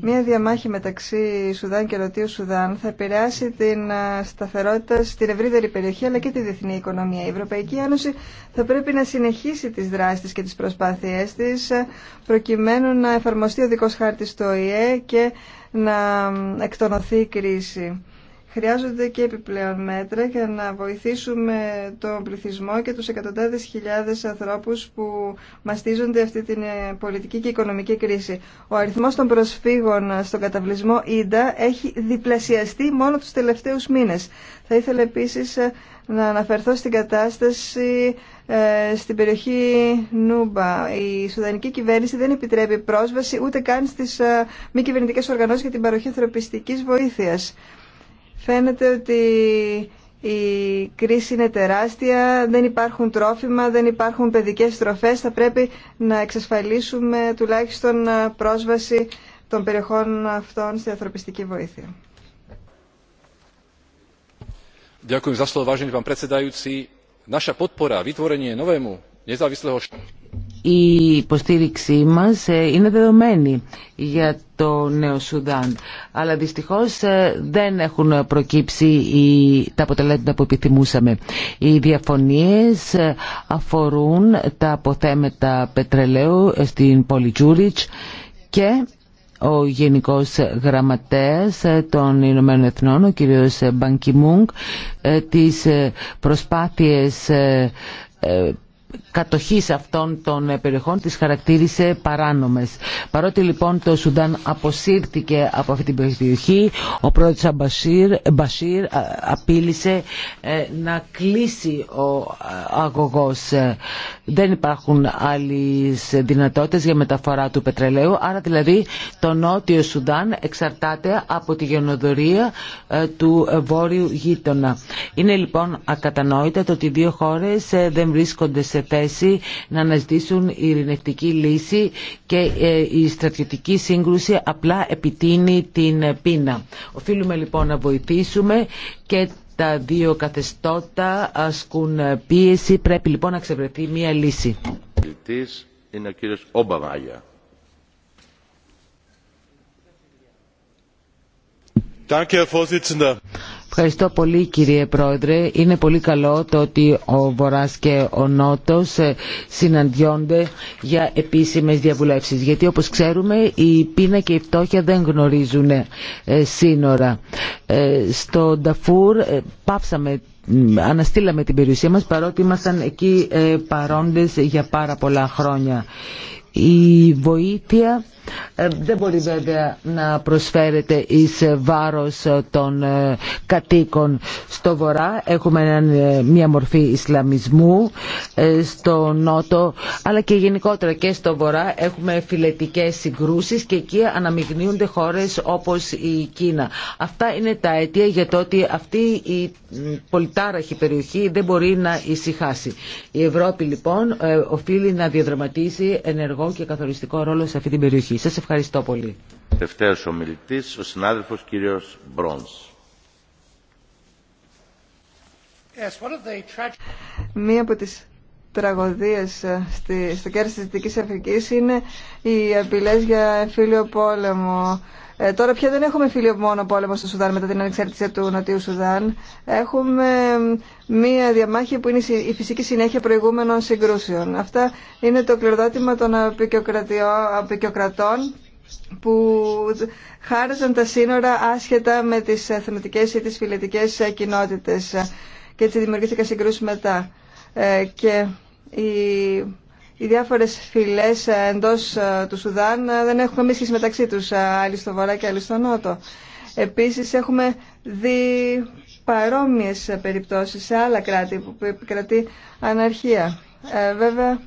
μία διαμάχη μεταξύ Σουδάν και Ρωτίου Σουδάν θα επηρεάσει την ε, σταθερότητα στην ευρύτερη περιοχή αλλά και τη διεθνή οικονομία. Η Ευρωπαϊκή Ένωση θα πρέπει να συνεχίσει τις δράσεις και τις προσπάθειές της ε, προκειμένου να εφαρμοστεί ο δικός χάρτης στο ΟΗΕ και να εκτονωθεί η κρίση. Χρειάζονται και επιπλέον μέτρα για να βοηθήσουμε τον πληθυσμό και τους εκατοντάδες χιλιάδες ανθρώπους που μαστίζονται αυτή την ε, πολιτική και οικονομική κρίση. Ο αριθμός των προσφύγων στον καταβλισμό Ίντα έχει διπλασιαστεί μόνο τους τελευταίους μήνες. Θα ήθελα επίσης ε, να αναφερθώ στην κατάσταση ε, στην περιοχή Νούμπα. Η Σουδανική κυβέρνηση δεν επιτρέπει πρόσβαση ούτε καν στις μη κυβερνητικές οργανώσεις για την παροχή ανθρωπιστικής βοήθειας. Φαίνεται ότι η κρίση είναι τεράστια, δεν υπάρχουν τρόφιμα, δεν υπάρχουν παιδικές τροφές. Θα πρέπει να εξασφαλίσουμε τουλάχιστον ε, πρόσβαση των περιοχών αυτών στη ανθρωπιστική βοήθεια. za vážený pán predsedajúci. Naša podpora vytvorenie novému nezávislého η υποστήριξή μας ε, είναι δεδομένη για το Νέο Σουδάν. Αλλά δυστυχώς ε, δεν έχουν προκύψει τα αποτελέσματα που επιθυμούσαμε. Οι διαφωνίες ε, αφορούν τα αποθέματα πετρελαίου στην πόλη Τζούριτς και ο Γενικός Γραμματέας των Ηνωμένων Εθνών, ο κύριος Μπανκιμούγκ, τις προσπάθειες κατοχής αυτών των ε, περιοχών τις χαρακτήρισε παράνομες. Παρότι λοιπόν το Σουντάν αποσύρθηκε από αυτή την περιοχή, ο πρόεδρος Αμπασίρ απείλησε ε, να κλείσει ο ε, αγωγός. Δεν υπάρχουν άλλες δυνατότητες για μεταφορά του πετρελαίου, άρα δηλαδή το νότιο Σουντάν εξαρτάται από τη γενοδορία του βόρειου γείτονα. Είναι λοιπόν το ότι δύο χώρες ε, δεν βρίσκονται σε θέση να αναζητήσουν ειρηνευτική λύση και ε, η στρατιωτική σύγκρουση απλά επιτείνει την ε, πείνα. Οφείλουμε λοιπόν να βοηθήσουμε και τα δύο καθεστώτα ασκούν πίεση. Πρέπει λοιπόν να ξεβρεθεί μία λύση. Είναι ο κύριος Ομπαμάγια. Danke, Ευχαριστώ πολύ κύριε Πρόεδρε. Είναι πολύ καλό το ότι ο Βορράς και ο Νότος ε, συναντιόνται για επίσημες διαβουλεύσεις. Γιατί όπως ξέρουμε η πείνα και η φτώχεια δεν γνωρίζουν ε, σύνορα. Ε, στο Νταφούρ πάψαμε αναστήλαμε την περιουσία μας παρότι ήμασταν εκεί παρόντες για πάρα πολλά χρόνια. Η βοήθεια ε, δεν μπορεί βέβαια να προσφέρεται εις βάρος ε, των ε, κατοίκων στο βορρά. Έχουμε μια μορφή Ισλαμισμού στο νότο αλλά και γενικότερα και στο βορρά έχουμε φιλετικές συγκρούσεις και εκεί αναμειγνύονται χώρες όπως η Κίνα. Αυτά είναι τα αίτια για το ότι αυτή η πολυτάραχη περιοχή δεν μπορεί να ησυχάσει. Η Ευρώπη λοιπόν οφείλει να διαδραματίσει ενεργό σημαντικό και καθοριστικό ρόλο σε αυτή την περιοχή. Σας ευχαριστώ πολύ. Τελευταίος ομιλητής, ο συνάδελφος κύριος Μπρόνς. Μία από τις τραγωδίες ε, στη, στο κέρδος της Δυτικής Αφρικής είναι οι απειλές για εμφύλιο πόλεμο ε, τώρα πια δεν έχουμε φίλιο μόνο πόλεμο στο Σουδάν μετά την ανεξαρτησία του Νοτιού Σουδάν. Έχουμε μία διαμάχη που είναι η φυσική συνέχεια προηγούμενων συγκρούσεων. Αυτά είναι το κληροδότημα των απεικιοκρατών που χάριζαν τα σύνορα άσχετα με τις εθνοτικές ή τις φιλετικές κοινότητες και έτσι δημιουργήθηκαν συγκρούσεις μετά. Ε, και οι διάφορες φυλές ε, εντός ε, του Σουδάν ε, δεν έχουν μίσχυση μεταξύ τους, άλλοι στο βορρά και άλλοι στο νότο. Επίσης έχουμε δει παρόμοιε περιπτώσεις σε άλλα κράτη που επικρατεί αναρχία. Ε, βέβαια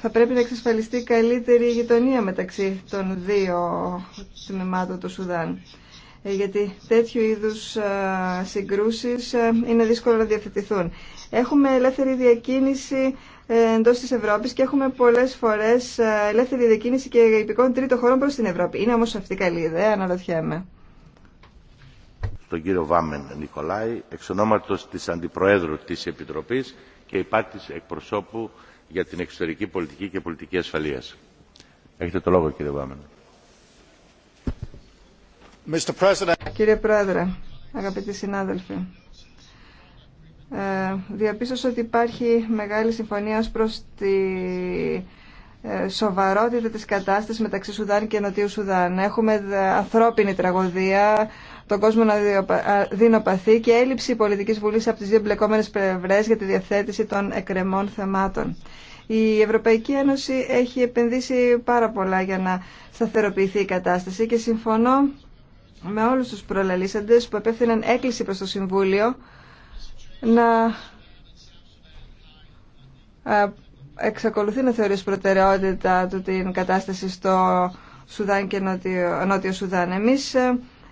θα πρέπει να εξασφαλιστεί καλύτερη γειτονία μεταξύ των δύο τμήματων του Σουδάν. γιατί τέτοιου είδους συγκρούσεις είναι δύσκολο να διαθετηθούν. Έχουμε ελεύθερη διακίνηση εντό τη Ευρώπη και έχουμε πολλέ φορέ ε, ελεύθερη διακίνηση και υπηκών τρίτων χωρών προ την Ευρώπη. Είναι όμω αυτή καλή ιδέα, αναρωτιέμαι. Στον κύριο Βάμεν Νικολάη, εξ ονόματο τη Αντιπροέδρου τη Επιτροπή και υπάτη εκπροσώπου για την εξωτερική πολιτική και πολιτική ασφαλεία. Έχετε το λόγο, κύριε Βάμεν. Κύριε Πρόεδρε, αγαπητοί συνάδελφοι. Ε, διαπίστωσα ότι υπάρχει μεγάλη συμφωνία ως προς τη ε, σοβαρότητα της κατάστασης μεταξύ Σουδάν και Νοτιού Σουδάν. Έχουμε ανθρώπινη τραγωδία, τον κόσμο να δεινοπαθεί και έλλειψη πολιτικής βουλής από τις δύο μπλεκόμενες πλευρές για τη διαθέτηση των εκρεμών θεμάτων. Η Ευρωπαϊκή Ένωση έχει επενδύσει πάρα πολλά για να σταθεροποιηθεί η κατάσταση και συμφωνώ με όλους τους προλαλήσαντες που απέφθηναν έκκληση προς το Συμβούλιο να εξακολουθεί να θεωρεί προτεραιότητα του την κατάσταση στο Σουδάν και Νότιο, Νότιο Σουδάν. Εμείς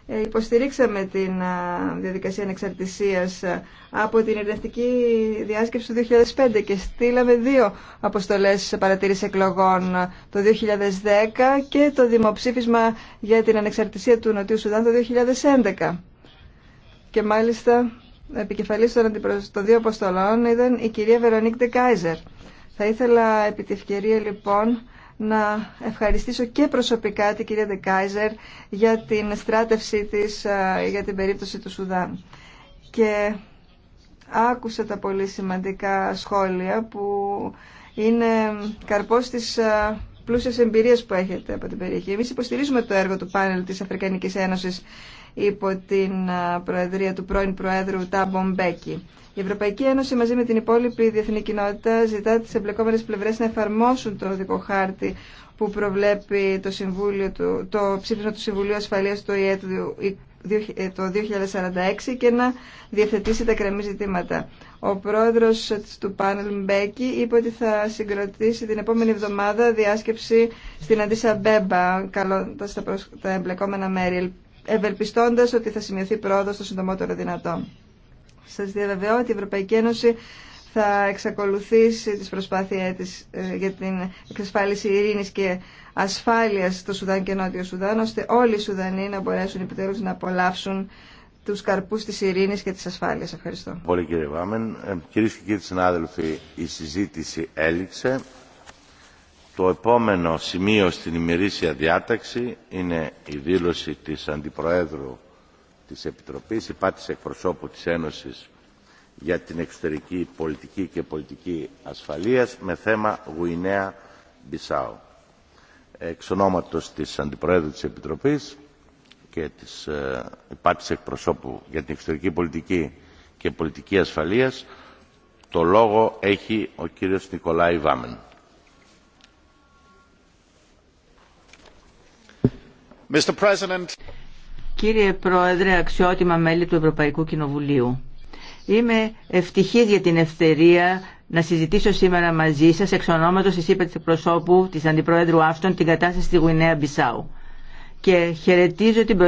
ε, υποστηρίξαμε την διαδικασία ανεξαρτησίας ε, από την ειρηνευτική διάσκεψη του 2005 και στείλαμε δύο αποστολές παρατήρηση εκλογών ε, το 2010 και το δημοψήφισμα για την ανεξαρτησία του Νοτιού Σουδάν το 2011. Και μάλιστα επικεφαλής των δύο αποστολών ήταν η κυρία Βερονίκ Ντεκάιζερ. Θα ήθελα επί τη ευκαιρία λοιπόν να ευχαριστήσω και προσωπικά την κυρία Ντεκάιζερ για την στράτευσή της ε, για την περίπτωση του Σουδάν. Και άκουσα τα πολύ σημαντικά σχόλια που είναι καρπός της ε, πλούσιας εμπειρίας που έχετε από την περιοχή. Εμείς υποστηρίζουμε το έργο του πάνελ της Αφρικανικής Ένωσης υπό την προεδρία του πρώην Προέδρου Τάμπο Μπέκη. Η Ευρωπαϊκή Ένωση μαζί με την υπόλοιπη διεθνή κοινότητα ζητά τις εμπλεκόμενες πλευρές να εφαρμόσουν το οδικό χάρτη που προβλέπει το, συμβούλιο του, το ψήφισμα του Συμβουλίου Ασφαλείας του ΙΕ το 2046 και να διευθετήσει τα κρεμή ζητήματα. Ο πρόεδρος του πάνελ Μπέκη είπε ότι θα συγκροτήσει την επόμενη εβδομάδα διάσκεψη στην Αντίσα Μπέμπα, καλώντας τα εμπλεκόμενα μέρη. Ευελπιστώντα ότι θα σημειωθεί πρόοδο το συντομότερο δυνατό. σα διαβεβαιώ ότι η Ευρωπαϊκή Ένωση θα εξακολουθήσει τι προσπάθειε τη ε, για την εξασφάλιση Ειρηνη και ασφάλεια στο Σουδάν και Νότιο Σουδάν, ώστε όλοι οι Σουδανοί να μπορέσουν επιτέλου να απολαύσουν του καρπού τη Ειρηνή και τη ασφάλεια. Ευχαριστώ. Πολύ κύριε Βάμεν. κύριε και κύριοι συνάδελφοι, η συζήτηση έληξε. Το επόμενο σημείο στην ημερήσια διάταξη είναι η δήλωση της Αντιπροέδρου της Επιτροπής, υπάτης εκπροσώπου της Ένωσης για την εξωτερική πολιτική και πολιτική ασφαλείας με θέμα Γουινέα Μπισάου. Εξ ονόματος της Αντιπροέδρου της Επιτροπής και της υπάτης ε, εκπροσώπου για την εξωτερική πολιτική και πολιτική ασφαλείας το λόγο έχει ο κύριος Νικολάη Βάμεν. Κύριε Πρόεδρε, αξιότιμα μέλη του Ευρωπαϊκού Κοινοβουλίου. Είμαι ευτυχής για την ευθερία να συζητήσω σήμερα μαζί σας εξ ονόματος της προσώπου της Αντιπρόεδρου Αύστον την κατάσταση στη Γουινέα Μπισάου. Και χαιρετίζω την